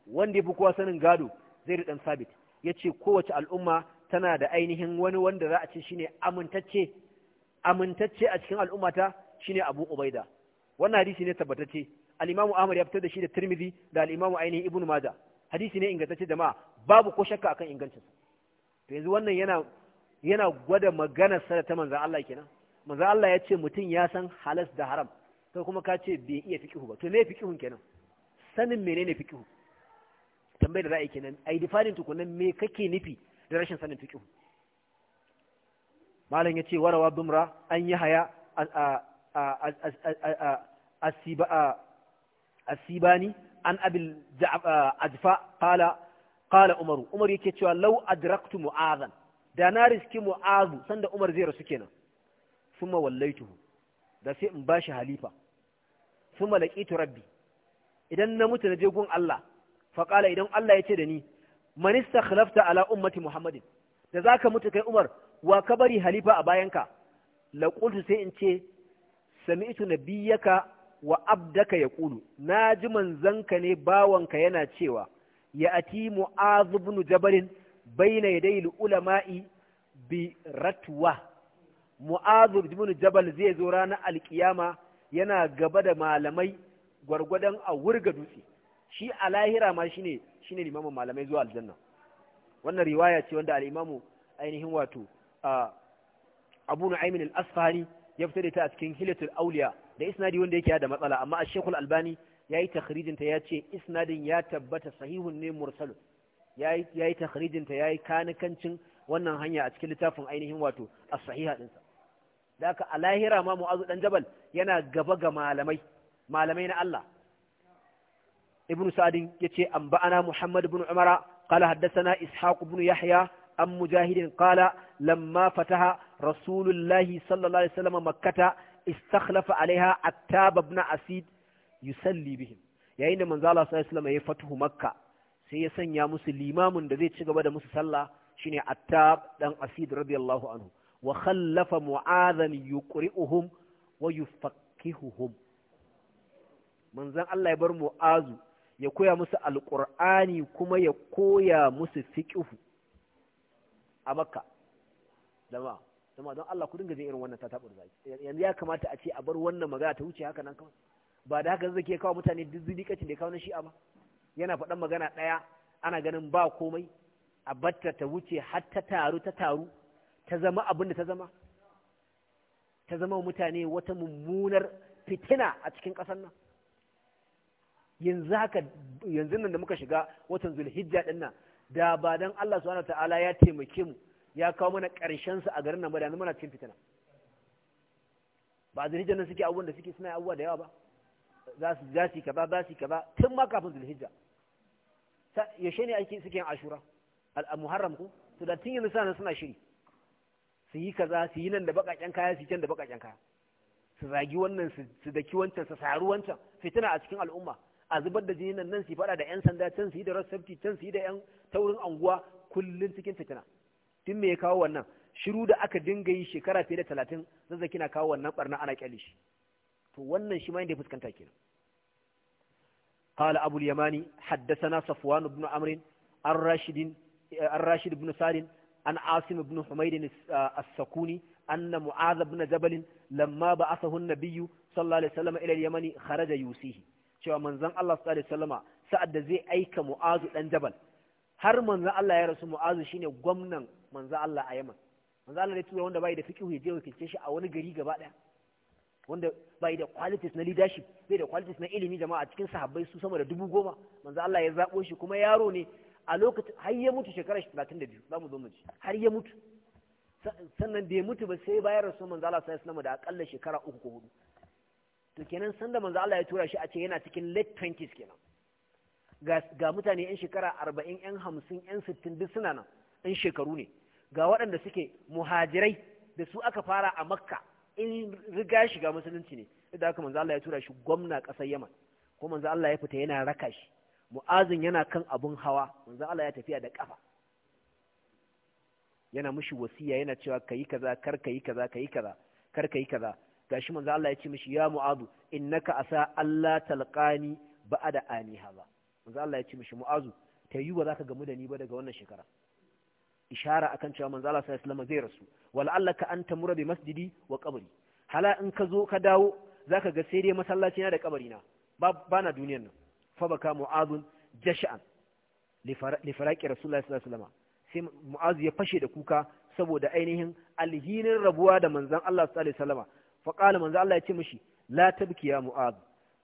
wanda yafi kowa sanin gado zai dan sabit ya ce kowace al'umma tana da ainihin wani wanda za a ce shi amintacce amintacce a cikin al'ummata ne abu ubaida wannan hadisi ne tabbatacce al’imamu amur ya fitar da shi da turmizi da al'imamu ainihin Mada. hadisi ne ingantacce da ma babu ko shakka akan ingancin to yanzu wannan yana gwada maganarsa da ta manzan Allah kenan manzan Allah ya ce mutum ya san halas da haram sai kuma ka ce bai iya fiƙihu ba to me fiƙihun kenan sanin menene fiqhu tambayar da za a yi kenan a yi difanin tukunan me kake nufi da rashin sanin fiƙihu malam ya ce warawa bumra an yi haya asibani an abil ajfa qala qala umaru umar yake cewa law adraktu mu'azan da na riski mu'azu sanda umar zai rasu kenan summa wallaituhu da sai in bashi halifa summa laqitu rabbi idan na mutu na je gun Allah faƙala idan Allah ya ce da ni manista khalafta ala ummati muhammadin da za ka mutu kai umar wa ka bari halifa a bayanka laƙultu sai in ce sami'tu nabiyyaka wa abdaka ya ƙulu na ji manzanka ne bawanka yana cewa ya ati mu'azu bin jabarin baina yadayil ulama'i bi ratwa mu'azu bin jabal zai zo ranar alkiyama yana gaba da malamai gwargwadon a wurga dutse shi a lahira ma shine ne limamin malamai zuwa aljanna wannan riwaya ce wanda al’imamu ainihin wato Abu Nu'aymin al ya fita da ta a cikin Hilatul auliya da isnadi wanda yake da matsala amma a shekul albani ya yi takhrijin ya ce isnadin ya tabbata sahihun ne mursal yayi yayi takhrijin ya yi kanikancin wannan hanya a cikin littafin ainihin wato a sahiha ɗinsa da aka a lahira ma Mu'azu ɗan Jabal yana gaba ga malamai malamai na Allah Ibnu ya ce yace ba'ana muhammad ibn umara qala haddathana ishaq ibn yahya an mujahidin qala lammafataha fataha rasulullahi sallallahu alaihi wasallam makkata istakhlafa alaiha attab ibn asid yusalli bihim yayin da manzo Allah sallallahu alaihi wasallam ya fatuhu makka sai ya sanya musu limamin da zai ci gaba da musu sallah shine attab dan asid radiyallahu anhu wa khallafa mu'adhan yuqri'uhum wa yufaqqihuhum manzon Allah ya bar mu'azu ya koya musu alƙur'ani kuma ya koya musu fiƙihu a makka dama dama don Allah ku dinga jin irin wannan ta tatabar zaki yanzu ya kamata a ce a bar wannan magana ta wuce haka nan kawai ba da haka zake kawo mutane duk zidikacin da ya kawo na shi'a ba yana faɗan magana ɗaya ana ganin ba komai a batta ta wuce har ta taru ta taru ta zama abin da ta zama ta zama mutane wata mummunar fitina a cikin ƙasar nan yanzu nan da muka shiga watan zulhijja din nan da ba dan Allah subhanahu ta'ala ya taimake mu ya kawo mana karshen sa a garin nan ba da muna cikin fitina ba zulhijja nan suke abubuwan da suke suna abubuwa da yawa ba za su za su kaba za su kaba tun ma kafin zulhijja yaushe ne ake suke yin ashura al-muharram ko to da tun yanzu sana suna shiri su yi kaza su yi nan da bakakken kaya su yi can da bakakken kaya su zagi wannan su daki wancan su saru wancan fitina a cikin al'umma a zubar da jini nan nan su fada da yan sanda can su yi da rasafti can su yi da yan taurin anguwa kullum cikin fitina tun me ya kawo wannan shiru da aka dinga yi shekara fiye da talatin zazzaki na kawo wannan barna ana kyale shi to wannan shi ma inda ya fuskanta kenan قال أبو اليماني حدثنا صفوان بن عمرو الراشد الراشد بن سالم عن عاصم بن حميد السكوني أن معاذ بن جبل لما بعثه النبي صلى الله عليه وسلم إلى اليمن خرج يوسيه cewa manzon Allah sallallahu alaihi wasallama sa'ad da zai aika Mu'azu dan Jabal har manzon Allah ya rasu Mu'azu shine gwamnan manzon Allah a Yaman manzon Allah ne tura wanda bai da fiqh ya je wakilce shi a wani gari gaba daya wanda bai da qualities na leadership bai da qualities na ilimi jama'a cikin sahabbai su sama da dubu goma manzon Allah ya zabo shi kuma yaro ne a lokacin har ya mutu shekarar 32 za mu zo mu ci har ya mutu sannan da ya mutu ba sai bayan rasu manzo Allah sallallahu alaihi da akalla shekara uku ko hudu to kenan sanda manzo Allah ya tura shi a ce yana cikin late 20s kenan ga mutane yan shekara 40 yan 50 yan 60 duk suna nan in shekaru ne ga waɗanda suke muhajirai da su aka fara a makka in riga shiga musulunci ne da haka manzo Allah ya tura shi gwamna ƙasar Yaman ko manzo Allah ya fita yana raka shi mu'azin yana kan abun hawa manzo Allah ya tafiya da kafa yana mushi wasiya yana cewa kayi kaza kar kayi kaza kayi kaza kar kayi kaza gashi manzo Allah ya ce mishi ya mu'adu innaka asa Allah talqani ba'da ani haza manzo Allah ya ce mishi mu'azu ta yi ba za gamu da ni ba daga wannan shekara ishara akan cewa manzo Allah sallallahu alaihi zai rasu wal allaka anta mura bi masjidi wa qabri hala in ka zo ka dawo zaka ga sai dai masallaci na da kabari na ba na duniyar nan fa baka mu'adun jash'an li faraqi rasulullahi sallallahu alaihi wasallam sai mu'azu ya fashe da kuka saboda ainihin alhinin rabuwa da manzon Allah sallallahu alaihi wasallam fa qala manzo Allah ya ce mishi la tabki ya mu'az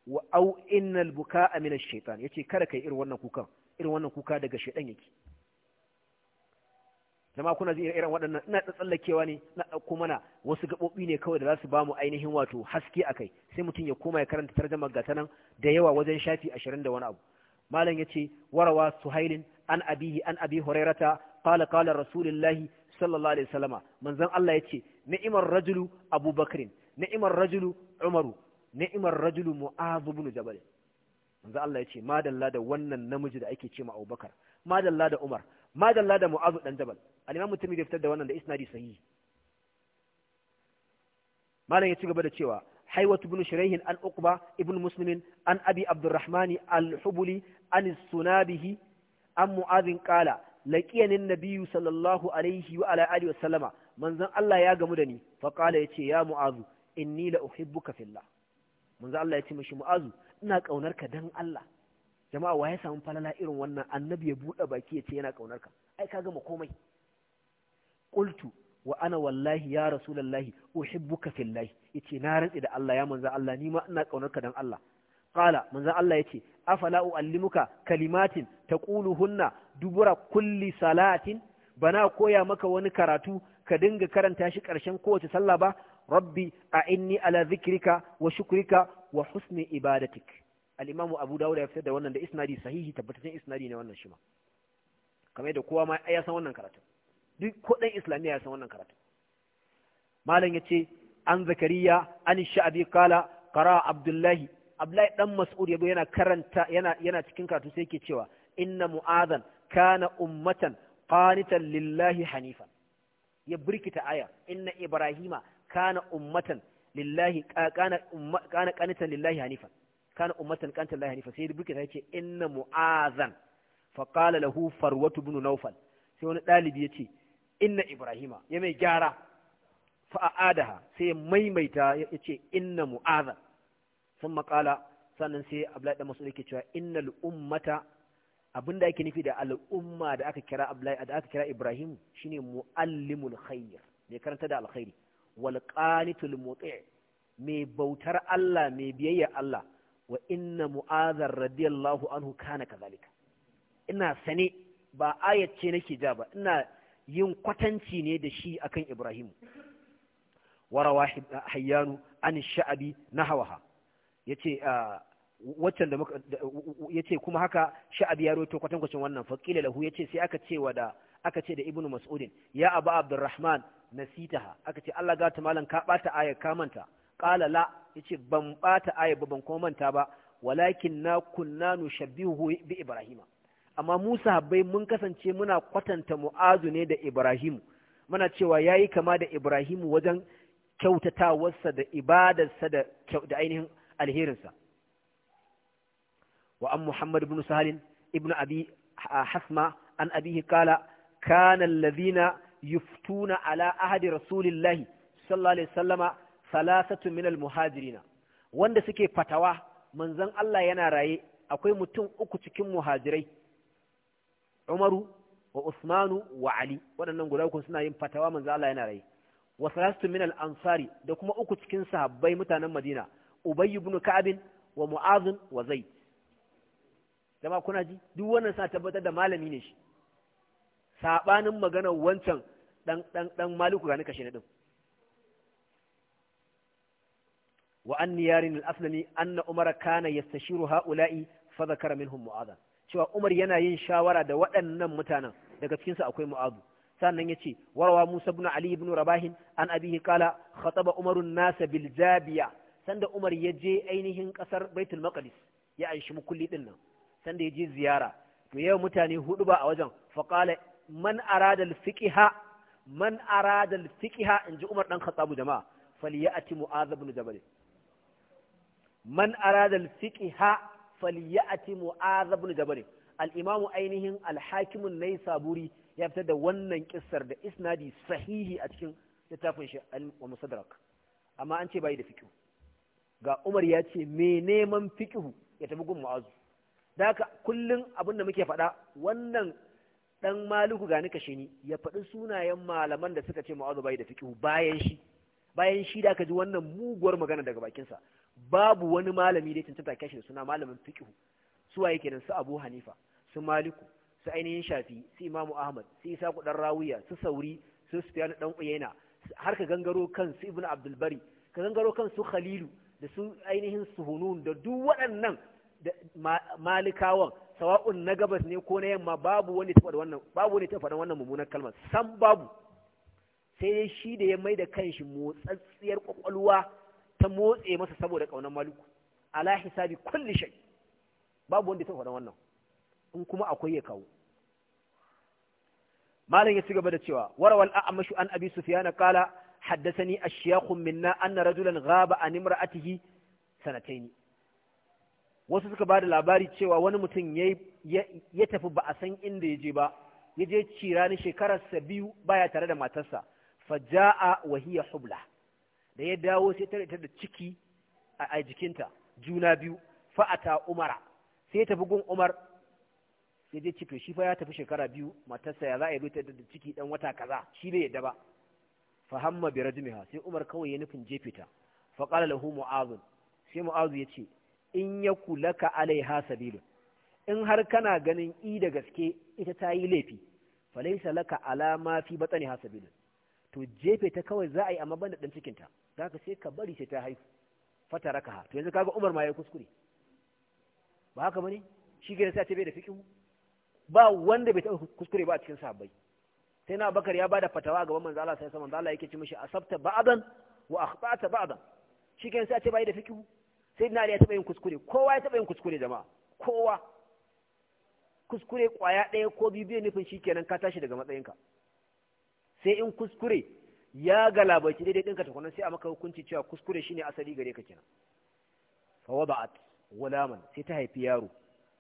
wa au innal buka'a min ash-shaytan yace kada kai irin wannan kukan irin wannan kuka daga shaytan yake zama kuna zai irin waɗannan ina tsallakewa ne na ɗauko mana wasu gaɓoɓi ne kawai da za su ba mu ainihin wato haske a kai sai mutum ya koma ya karanta tarjamar gata nan da yawa wajen shafi ashirin da wani abu malam ya ce warawa suhailin an abihi an abi hurairata qala qala rasulullahi sallallahu alaihi wasallama manzon Allah ya ce ni'imar rajulu abubakrin ni'imar rajulu umaru ni'imar rajulu mu'adh ibn jabal manzo Allah yace madalla da wannan namiji da ake cewa Abubakar madalla da Umar madalla da Mu'adh dan Jabal al-Imam Tirmidhi ya fitar da wannan da isnadi sahihi malam ya ci gaba da cewa حيوة بن شريح عن Ibn ابن مسلم عن أبي عبد an الحبلي عن السنابه عن معاذ قال لقيني النبي صلى الله عليه وعلى آله وسلم ya زن الله يا غمدني فقال yace ya معاذ inni la uhibbuka fillah manzo Allah ya ce mishi mu'azu ina kaunar ka dan Allah jama'a wa ya samu falala irin wannan annabi ya bude baki ya ce yana kaunar ka ai ka gama komai qultu wa ana wallahi ya rasulullahi uhibbuka fillah yace na rantsi da Allah ya manzo Allah ni ma ina kaunar ka dan Allah qala manzo Allah yace afala uallimuka kalimatin taquluhunna dubura kulli salatin bana koya maka wani karatu ka dinga karanta shi ƙarshen kowace sallah ba rabbi a inni ala zikrika wa shukrika wa husni ibadatik al-imam abu dawud ya fitar da wannan da isnadi sahihi tabbataccen isnadi ne wannan shi ma yadda kowa ma ya san wannan karatu duk ko dan islamiyya ya san wannan karatu malam yace an zakariya an sha'abi qala qara abdullahi abdullahi dan mas'ud yabo yana karanta yana yana cikin karatu sai yake cewa inna mu'adhan kana ummatan qanitan lillahi hanifan ya birkita aya inna ibrahima kana ummatan lillahi kana kana qanitan lillahi hanifa kana mu'azan fa qala lahu farwatu ibn nawfal sai wani dalibi yace inna ibrahima ya mai gyara fa aadaha sai ya maimaita yace ina mu'azan sun maƙala sannan sai abdullahi da mas'ud yake cewa innal ummata abinda ake nufi da al'umma da aka kira abdullahi da aka kira ibrahim shine muallimul khair mai karanta da alkhairi wal qanitul muti' mai bautar Allah mai biyayya Allah wa inna mu'azar radiyallahu anhu kana kazalika ina sane ba ayace nake ja ba ina yin kwatanci ne da shi akan Ibrahim warawa ah, hayyanu an sha'abi nahawaha yace ah, waccan da yace kuma haka sha'abi ya roto kwatankwacin wannan faqila lahu yace sai aka cewa da aka ce da ibnu mas'udin ya abu abdurrahman nasitaha aka ce Allah gata malam ka bata ayar ka manta qala la yace ban bata ayar ba ban kuma manta ba walakin na kunna nushabbihu bi ibrahima amma Musa habbai mun kasance muna kwatanta mu'azu ne da Ibrahim. muna cewa yayi kama da Ibrahim wajen kyautatawarsa da ibadarsa da da ainihin alherinsa wa an muhammad ibn sahalin ibn abi hasma an abihi kala Kanan alladhina yuftuna ala ahadi rasulillahi sallallahu alaihi salasatu min muhajirina wanda suke fatawa manzon Allah yana raye akwai mutum uku cikin muhajirai Umaru Usmanu wa Ali waɗannan guda uku suna yin fatawa manzon Allah yana raye wa salasatu min al-ansari da kuma uku cikin sahabbai mutanen Madina Ubay ibn Ka'ab wa Mu'adh wa Zaid duk wannan sa tabbatar da malami ne shi saɓanin maganar wancan ɗan maliku gani kashe na ɗin wa an Anna al'aslami an na umar kana ya tashiru ha'ula'i fazakara minhum mu'aza cewa umar yana yin shawara da waɗannan mutanen daga cikinsu akwai mu'adu sannan ya ce warawa musa bin ali bin rabahin an abihi kala khataba umarun nasa bil jabiya sanda umar ya je ainihin kasar baitul maqdis ya anshi mukulli din nan sanda ya je ziyara to yau mutane hudu ba a wajen fa man aradal fiƙiha man aradal fiqha inji Umar dan Khattab jama'a falyati Mu'adh ibn Jabal man aradal al-Imam ainihin al-Hakim an ya fitar da wannan kissar da isnadi sahihi a cikin littafin shi al amma an ce bai da fiqh ga Umar ya ce me neman fiqh ya tafi gun Mu'adh da haka kullum abin da muke faɗa wannan dan maliku nika kashe ni ya faɗi sunayen malaman da suka ce mu'azu bai da fiqhu bayan shi bayan shi da ji wannan muguwar magana daga bakin sa babu wani malami da ya cancanta kashi da suna malamin fiqhu su waye kenan su Abu Hanifa su Maliku su ainihin Shafi su Imam Ahmad su Isa dan Rawiya su Sauri su Sufyan dan Uyaina har ka gangaro kan su Ibn Abdul Bari ka gangaro kan su Khalilu da su ainihin Suhunun da duk waɗannan malikawan sawa'un na gabas ne ko na yamma babu wani taɓa wannan babu wani taɓa wannan mummunar kalmar san babu sai dai shi da ya mai da kanshi motsatsiyar kwakwalwa ta motse masa saboda ƙaunar maliku ala hisabi kulli shay babu wanda ta faɗa wannan in kuma akwai ya kawo malam ya ci gaba da cewa warawal a'mashu an abi sufyana qala haddathani ashyakh minna anna rajulan ghaba an imra'atihi sanataini wasu suka ba da labari cewa wani mutum ya tafi ba a san inda ya je ba ya je cira ni shekararsa biyu baya tare da matarsa faja'a wa hiya hubla da ya dawo sai ta da ciki a jikinta juna biyu fa'ata umara sai ya tafi gun umar sai je cito shi fa ya tafi shekara biyu matarsa ya za a yi ta da ciki dan wata kaza shi bai yadda ba fahamma bi rajmiha sai umar kawai ya nufin jefe ta fa qala lahu mu'adh sai mu'adh ya ce in ya kula ka alaiha sabilu in har kana ganin i da gaske ita ta yi laifi falaisa laka alama fi batsani ha sabilu to jefe ta kawai za a yi amma banda dan cikin ta ka sai ka bari sai ta haihu fatara ka to yanzu kaga Umar ma ya kuskure ba haka bane shi ke sa ce bai da fikihu ba wanda bai ta kuskure ba a cikin sahabbai sai na Bakar ya bada fatawa gaban manzo Allah sai manzo Allah yake ci mishi asabta ba'dan wa akhta'ta ba'dan shi ke sai ta bai da fikihu. sai na ya taɓa yin kuskure kowa ya taɓa yin kuskure jama'a kowa kuskure ƙwaya ɗaya ko biyu biyu nufin shi kenan ka tashi daga matsayinka sai in kuskure ya galabaci daidai ɗinka ta sai a maka hukunci cewa kuskure shine asali gare ka kenan fa ba'at wulaman sai ta haifi yaro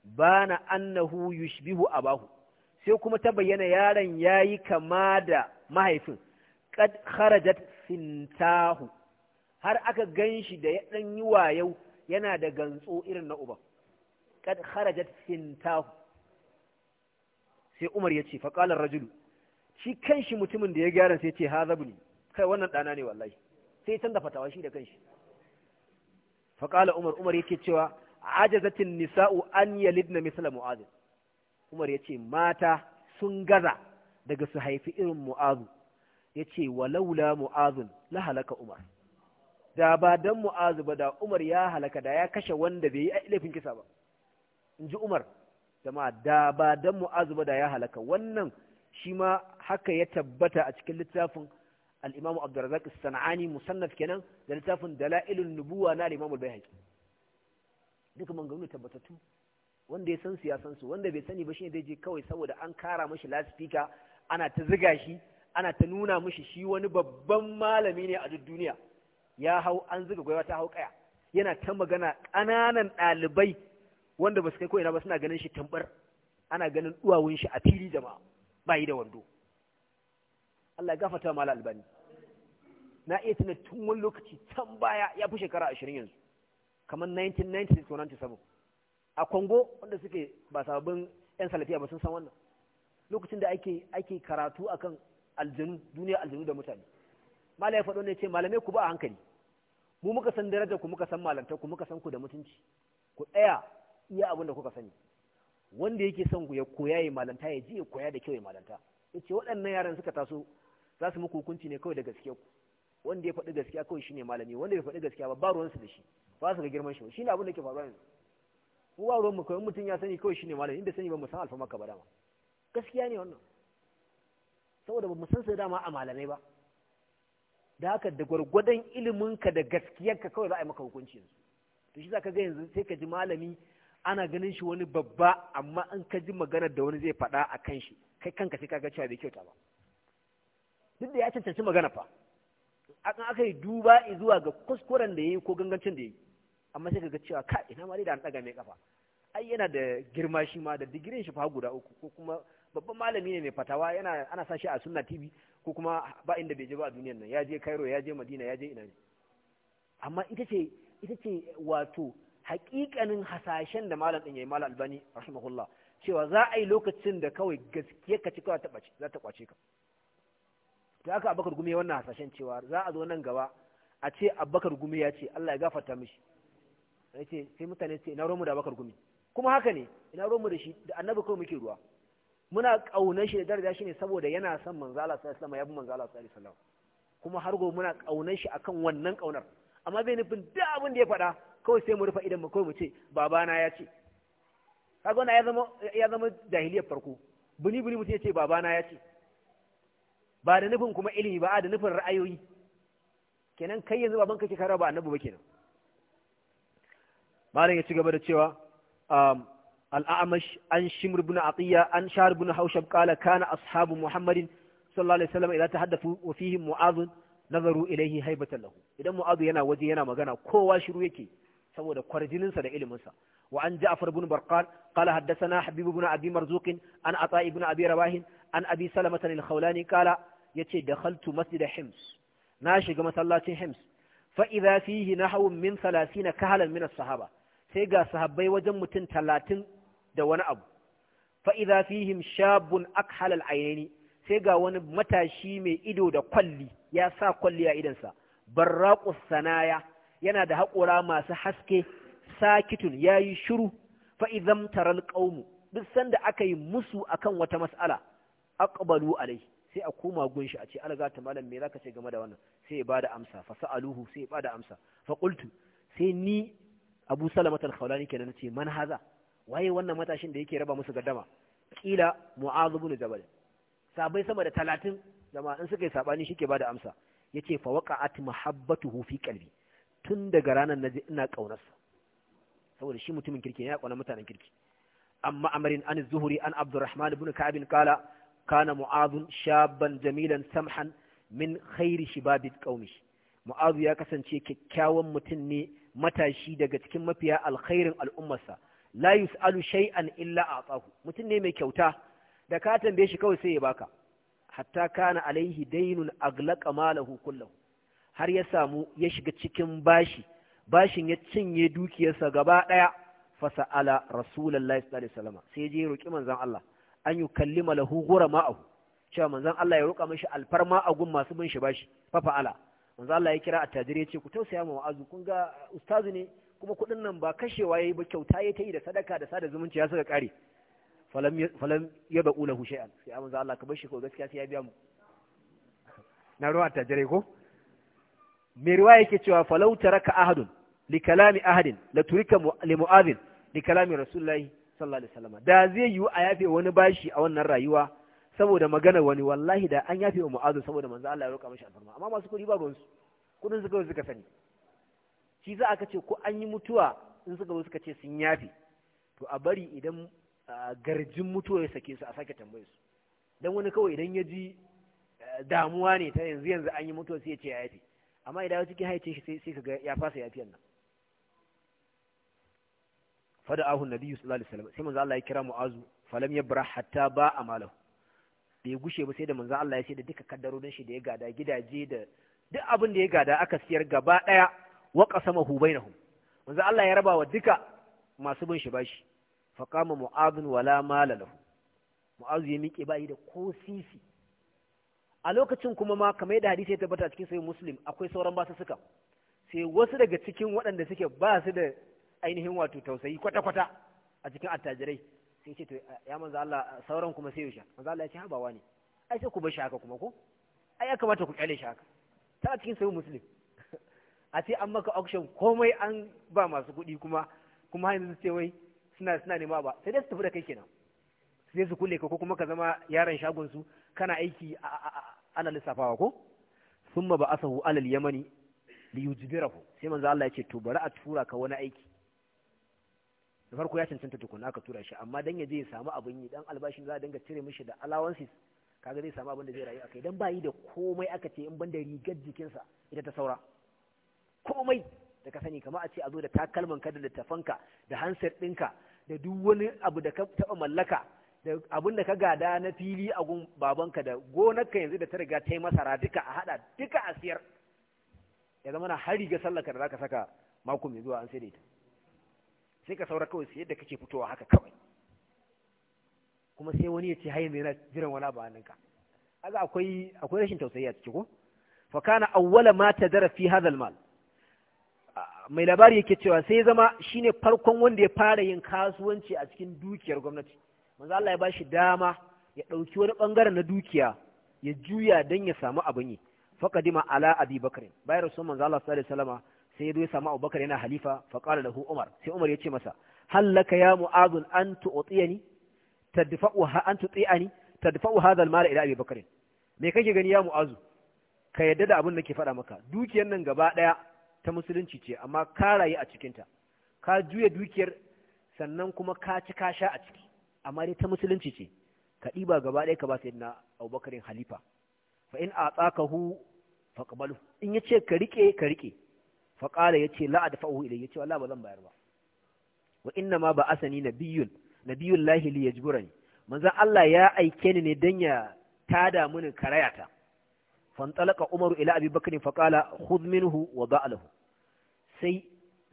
bana annahu yushbihu abahu sai kuma ta bayyana yaron yayi kama da mahaifin kad kharajat sintahu har aka ganshi da ya dan yi wayau yana da gantso irin na uban kad kharajat fintahu sai Umar ya fa qala rajulu shi kanshi mutumin da ya gyara sai yace ce hazabni kai wannan dana ne wallahi sai tanda fatawa shi da kanshi fa qala Umar Umar yake cewa ajazatin nisa'u an yalidna misla mu'az Umar yace mata sun gaza daga su haifi irin mu'azu yace walaula mu'azun la halaka Umar da ba dan mu'azu ba da umar ya halaka da ya kashe wanda bai yi laifin kisa ba in ji umar jama'a da ba dan mu'azu ba da ya halaka wannan shi ma haka ya tabbata a cikin littafin al-imamu sana'ani musannaf kenan da littafin dalailun nubuwa na al-imamu al man duka tabbatattu wanda ya san su ya san su wanda bai sani ba shi ne zai je kawai saboda an kara mashi laspika ana ta ziga shi ana ta nuna mashi shi wani babban malami ne a duk duniya ya hau an zuga gwaiwa ta hau kaya yana ta magana ƙananan ɗalibai wanda ba su kai ko'ina ba suna ganin shi tambar ana ganin duwawun shi a fili jama'a ba yi da wando Allah ya gafata mala albani na iya tuna tun wani lokaci can baya ya fi shekara ashirin yanzu kamar 1996 ko 97 a kwango wanda suke ba sababbin 'yan salafiya ba sun san wannan lokacin da ake karatu akan aljanu duniya aljanu da mutane mala ya faɗo ne ce malamai ku ba a hankali mu muka san darajar ku muka san malamta ku muka san ku da mutunci ku tsaya iya abin da kuka sani wanda yake son ku ya koya ya malanta ya ji ya koya da kyau ya malanta ya ce waɗannan yaran suka taso za su muku hukunci ne kawai da gaskiya ku wanda ya faɗi gaskiya kawai shine malami wanda bai faɗi gaskiya ba ba ruwansu da shi ba su ga girman shi shine abin da ke faruwa yanzu mu ba ruwan mu kawai mutum ya sani kawai shine malami inda sani ba mu san alfama ka ba dama gaskiya ne wannan saboda ba mu san su dama a malamai ba da haka da gwargwadon iliminka da gaskiyarka kawai za a yi maka hukunci yanzu to shi za ka ga yanzu sai ka ji malami ana ganin shi wani babba amma in ka ji magana da wani zai faɗa a kan shi kai kanka sai ka ga cewa bai kyauta ba duk da ya cancanci magana fa akan aka yi duba zuwa ga kuskuren da ya yi ko gangancin da ya yi amma sai ka ga cewa ka ina ma dai da an ɗaga mai kafa ai yana da girma shi ma da digirin shi fa guda uku ko kuma babban malami ne mai fatawa yana ana sa shi a sunna tv ko kuma ba inda bai je ba a duniyar nan ya je Cairo ya je Madina ya je ina ne amma ita ce ita ce wato haƙiƙanin hasashen da malam din yayi malam Albani rahimahullah cewa za a yi lokacin da kawai gaskiya ka ci kawai ta za ta kwace ka to aka abakar gumi wannan hasashen cewa za a zo nan gaba a ce abakar gumi ya ce Allah ya gafarta mishi sai mutane ce ina romu da abakar gumi kuma haka ne ina romu da shi da annabi kawai muke ruwa muna ƙaunar shi da daraja shi ne saboda yana son manzo Allah sallallahu alaihi ya bi manzo Allah sallallahu alaihi wasallam kuma har gobe muna ƙaunar shi akan wannan ƙaunar amma bai nufin duk abin da ya faɗa kawai sai mu rufa idan mu kawai mu ce babana ya ce kaga wannan ya zama ya zama jahiliyar farko buni buni mutum ya ce babana ya ce ba da nufin kuma ilimi ba da nufin ra'ayoyi kenan kai yanzu baban ka kara ba annabi ba kenan malam ya ci gaba da cewa um, الأعمش عن شمر an عطية عن شهر بن حوشب قال كان أصحاب محمد صلى الله عليه وسلم إذا تحدثوا وفيهم معاذ nazaru ilaihi haibatan lahu idan mu'adu yana waje yana magana kowa shiru yake saboda kwarjininsa da iliminsa wa an ja'far ibn barqan qala na habib ibn abi marzuq an ata ibn abi an abi salama al-khawlani qala yace dakhaltu masjid hims na shiga masallacin hims fa na fihi nahwu min 30 kahalan min sahaba sai ga sahabbai wajen mutum talatin. da wani abu fa'iza fihim shabun akhalal ainihi sai ga wani matashi mai ido da kwalli ya sa kwalli a idansa barraƙus sanaya yana da haƙura masu haske sakitun ya yi shiru fa'izam taral ƙaunu duk sanda aka yi musu akan wata mas'ala aqbalu alai sai a koma gunshi a ce alga ta malam me zaka ce game da wannan sai ya bada amsa fa sa'aluhu sai ya bada amsa fa qultu sai ni Abu Salama al-Khawlani kenan nace man haza waye wannan matashin da yake raba musu gaddama kila mu'adh ibn jabal sabai sama da 30 zama in suka yi sabani shike bada amsa yace fa waqa'at mahabbatuhu fi qalbi tun daga ranar naji ina kaunarsa saboda shi mutumin kirki ne ya kauna mutanen kirki amma amarin an zuhuri an abdurrahman ibn ka'ab qala kana mu'adh shaban jamilan samhan min khairi shibabi qaumi mu'adh ya kasance kyakkyawan mutum ne matashi daga cikin mafiya alkhairin al'ummarsa la yus'alu shay'an illa a'tahu mutum ne mai kyauta da ka tambaye shi kawai sai ya baka hatta kana alaihi dainun aglaqa malahu kullahu har ya samu ya shiga cikin bashi bashin ya cinye dukiyarsa gaba daya sa'ala rasulullahi sallallahu alaihi wasallam sai je roki manzon Allah an yukallima lahu ma'ahu. cewa manzon Allah ya roka mishi alfarma a gun masu bin shi bashi fa fa'ala manzon Allah ya kira attajire ya ce ku tausaya ma wa'azu kun ga ustazu ne kuma kuɗin nan ba kashewa ya yi ba kyauta ya ta yi da sadaka da sada zumunci ya suka ƙare. falam falam yad'u lahu shay'an sai amma Allah ka bar ko gaskiya sai ya biya mu na ruwa ta jare ko mai riwaya yake cewa falau ta raka ahadun li kalami ahadin la turika li mu'adin li kalami rasulullahi sallallahu alaihi wasallam da zai yiwu a yafe wani bashi a wannan rayuwa saboda magana wani wallahi da an yafe wa mu'adhu saboda manzo Allah ya roƙa mashi alfarma amma masu kuɗi ba ruwansu kuɗin su kawai suka sani shi za aka ce ko an yi mutuwa in suka zo suka ce sun yafi to a bari idan garjin mutuwa ya sake su a sake tambaye su dan wani kawai idan ya ji damuwa ne ta yanzu yanzu an yi mutuwa sai ya ce ya yafe amma idan ya cikin haicin shi sai kaga ya fasa yafiyan nan fada ahu nabi sallallahu alaihi wasallam sai manzo Allah ya kira mu'azu falam yabra hatta ba amalo bai gushe ba sai da manzo Allah ya ce da duka kaddarorin shi da ya gada gidaje da duk abin da ya gada aka siyar gaba daya wa qasamahu bainahum Wanzu Allah ya raba wa duka masu bin shi bashi fa qama mu'adh wala mala lahu ya miƙe bayi da ko sisi a lokacin kuma ma kamar yadda hadisi ya tabbata cikin sahih muslim akwai sauran basu suka sai wasu daga cikin waɗanda suke ba su da ainihin wato tausayi kwata-kwata a cikin attajirai sai ce to ya manzo Allah sauran kuma sai yusha manzo Allah ya ce habawa wani ai sai ku bar shi haka kuma ko ai ya kamata ku kyale shi haka ta cikin sahih muslim a ce an maka auction komai an ba masu kuɗi kuma kuma yanzu ce wai suna suna nema ba sai dai su tafi da kai kenan sai su kulle ka ko kuma ka zama yaron shagon su kana aiki a ana lissafawa ko summa ba asahu alal yamani li yujbirahu sai manzo Allah ya ce to bari a tura ka wani aiki da farko ya cancanta tukuna ka tura shi amma dan ya je ya samu abin yi dan albashin za a dinga cire mishi da allowances kaga zai samu abin da zai rayu akai dan yi da komai aka ce in ban da rigar jikinsa ita ta saura komai da ka sani kamar a ce a zo da takalman ka da littafanka da hansar ɗinka da duk wani abu da ka taɓa mallaka da abin da ka gada na fili a gun babanka da gonarka yanzu da ta riga ta yi masara duka a haɗa duka a siyar ya zama na hari ga sallaka da zaka saka mako mai zuwa an sai da sai ka saura kawai sai yadda kake fitowa haka kawai kuma sai wani ya ce har yanzu yana jiran wani abu hannunka kaga akwai akwai rashin tausayi a ciki ko fa kana awwala ma tadara fi hadha mal mai labari yake cewa sai zama shi ne farkon wanda ya fara yin kasuwanci a cikin dukiyar gwamnati manzo Allah ya shi dama ya ɗauki wani bangare na dukiya ya juya don ya samu abin yi faqadima ala abi bakr bayan rasul manzo Allah sallallahu alaihi sai ya zo ya samu abubakar yana halifa faqala da umar sai umar ya ce masa hallaka ya mu'adh an tu'tiyani tadfa'u ha an tu'tiyani tadfa'u hadha al-mal ila abi bakr me kake gani ya mu'azu ka yadda da abin da ke faɗa maka dukiyar nan gaba ɗaya ta musulunci ce amma ka rayu a cikinta ka juya dukiyar sannan kuma ka ci ka sha a ciki amma dai ta musulunci ce ka ɗiba gaba ɗaya ka ba na abubakarin halifa fa in a fa faqbalu in yace ka rike ka rike fa qala yace la adfa'u ilayhi yace wallahi ba zan bayar ba wa inna ma ba asani nabiyun ya li yajburani manzo Allah ya aike ni ne dan ya tada mini karayata fantalaka umaru ila abi bakrin faqala khudh minhu wa da'alahu sai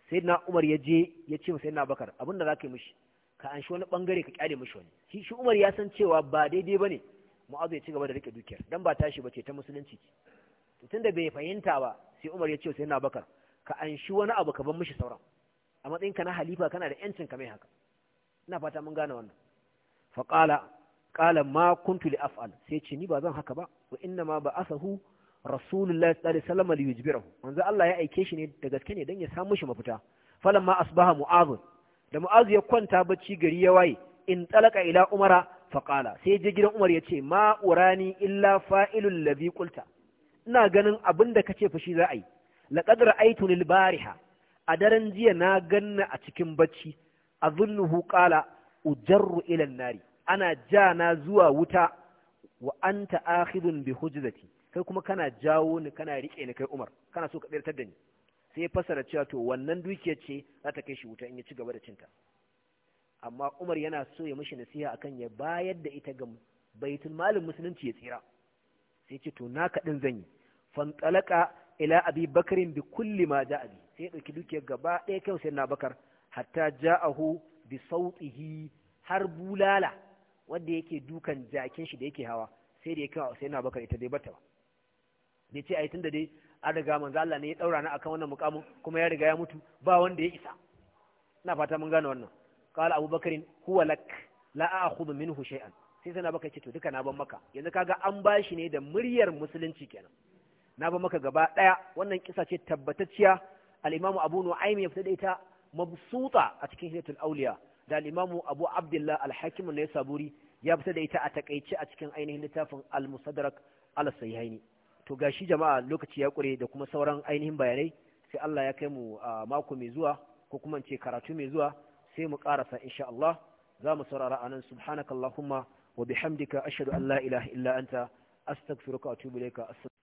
sayyidina umar ya je ya ce masa sayyidina bakar abinda zaka yi mishi ka anshi wani bangare ka kyale mishi wani shi shi umar ya san cewa ba daidai bane mu'azu ya ci gaba da rike dukiyar dan ba tashi bace ta musulunci to da bai fahimta ba sai umar ya ce sayyidina bakar ka anshi shi wani abu ka bar mishi sauran a matsayin ka na halifa kana da yancin ka mai haka ina fata mun gane wannan Fakala qala makuntuli kuntu af'al sai ce ni ba zan haka ba wa inna ma ba asahu rasulullahi sallallahu alaihi wasallam liyujbirahu Wanzu Allah ya aike shi ne da gaske ne dan ya samu shi mafita falamma asbaha mu'azu. da mu'azu ya kwanta bacci gari ya waye in talaka ila umara faqala sai je gidan umar ya ce ma urani illa fa'ilul ladhi qulta ina ganin abin da kace fa shi za a yi laqad ra'aytu lil bariha a daren jiya na ganna a cikin bacci azunnuhu qala ujarru ila nari ana ja na zuwa wuta wa anta akhidun bi hujjati kai kuma kana jawo ni kana rike ni kai Umar kana so ka tsirtar da ni sai ya fasara cewa to wannan dukiya ce za ta kai shi wuta in ya ci gaba da cinta amma Umar yana so ya mishi nasiha akan ya bayar da ita ga baitul malin musulunci ya tsira sai ce to naka din zan yi fanqalaqa ila abi bakarin bi kulli ma ja'a bi sai ya dauki dukiyar gaba ɗaya kai sai na bakar hatta ja'ahu bi sautihi har bulala wanda yake dukan jakin shi da yake hawa sai da ya kawo sai na bakar ita dai bata ba ya ce yi tunda dai an riga manzo Allah ne ya daura na akan wannan mukamin kuma ya riga ya mutu ba wanda ya isa ina fata mun gane wannan qala abubakar huwa lak la akhudhu minhu shay'an sai sai na bakar ce to duka na ban maka yanzu kaga an bashi ne da muryar musulunci kenan na ban maka gaba daya wannan kisa ce tabbatacciya al-imamu abu nu'aym ya fita da ita mabsuta a cikin hilatul auliya da al abu abdullah al-hakim ne saburi ya fita da ita a takaice a cikin ainihin littafin al-musaddarak al-sahihaini to gashi jama'a lokaci ya kure da kuma sauran ainihin bayanai sai Allah ya kai mu mako mai zuwa ko kuma ce karatu mai zuwa sai mu karasa insha Allah za mu saurara anan subhanakallahumma wa bihamdika ashhadu an la ilaha illa anta astaghfiruka wa atubu ilayka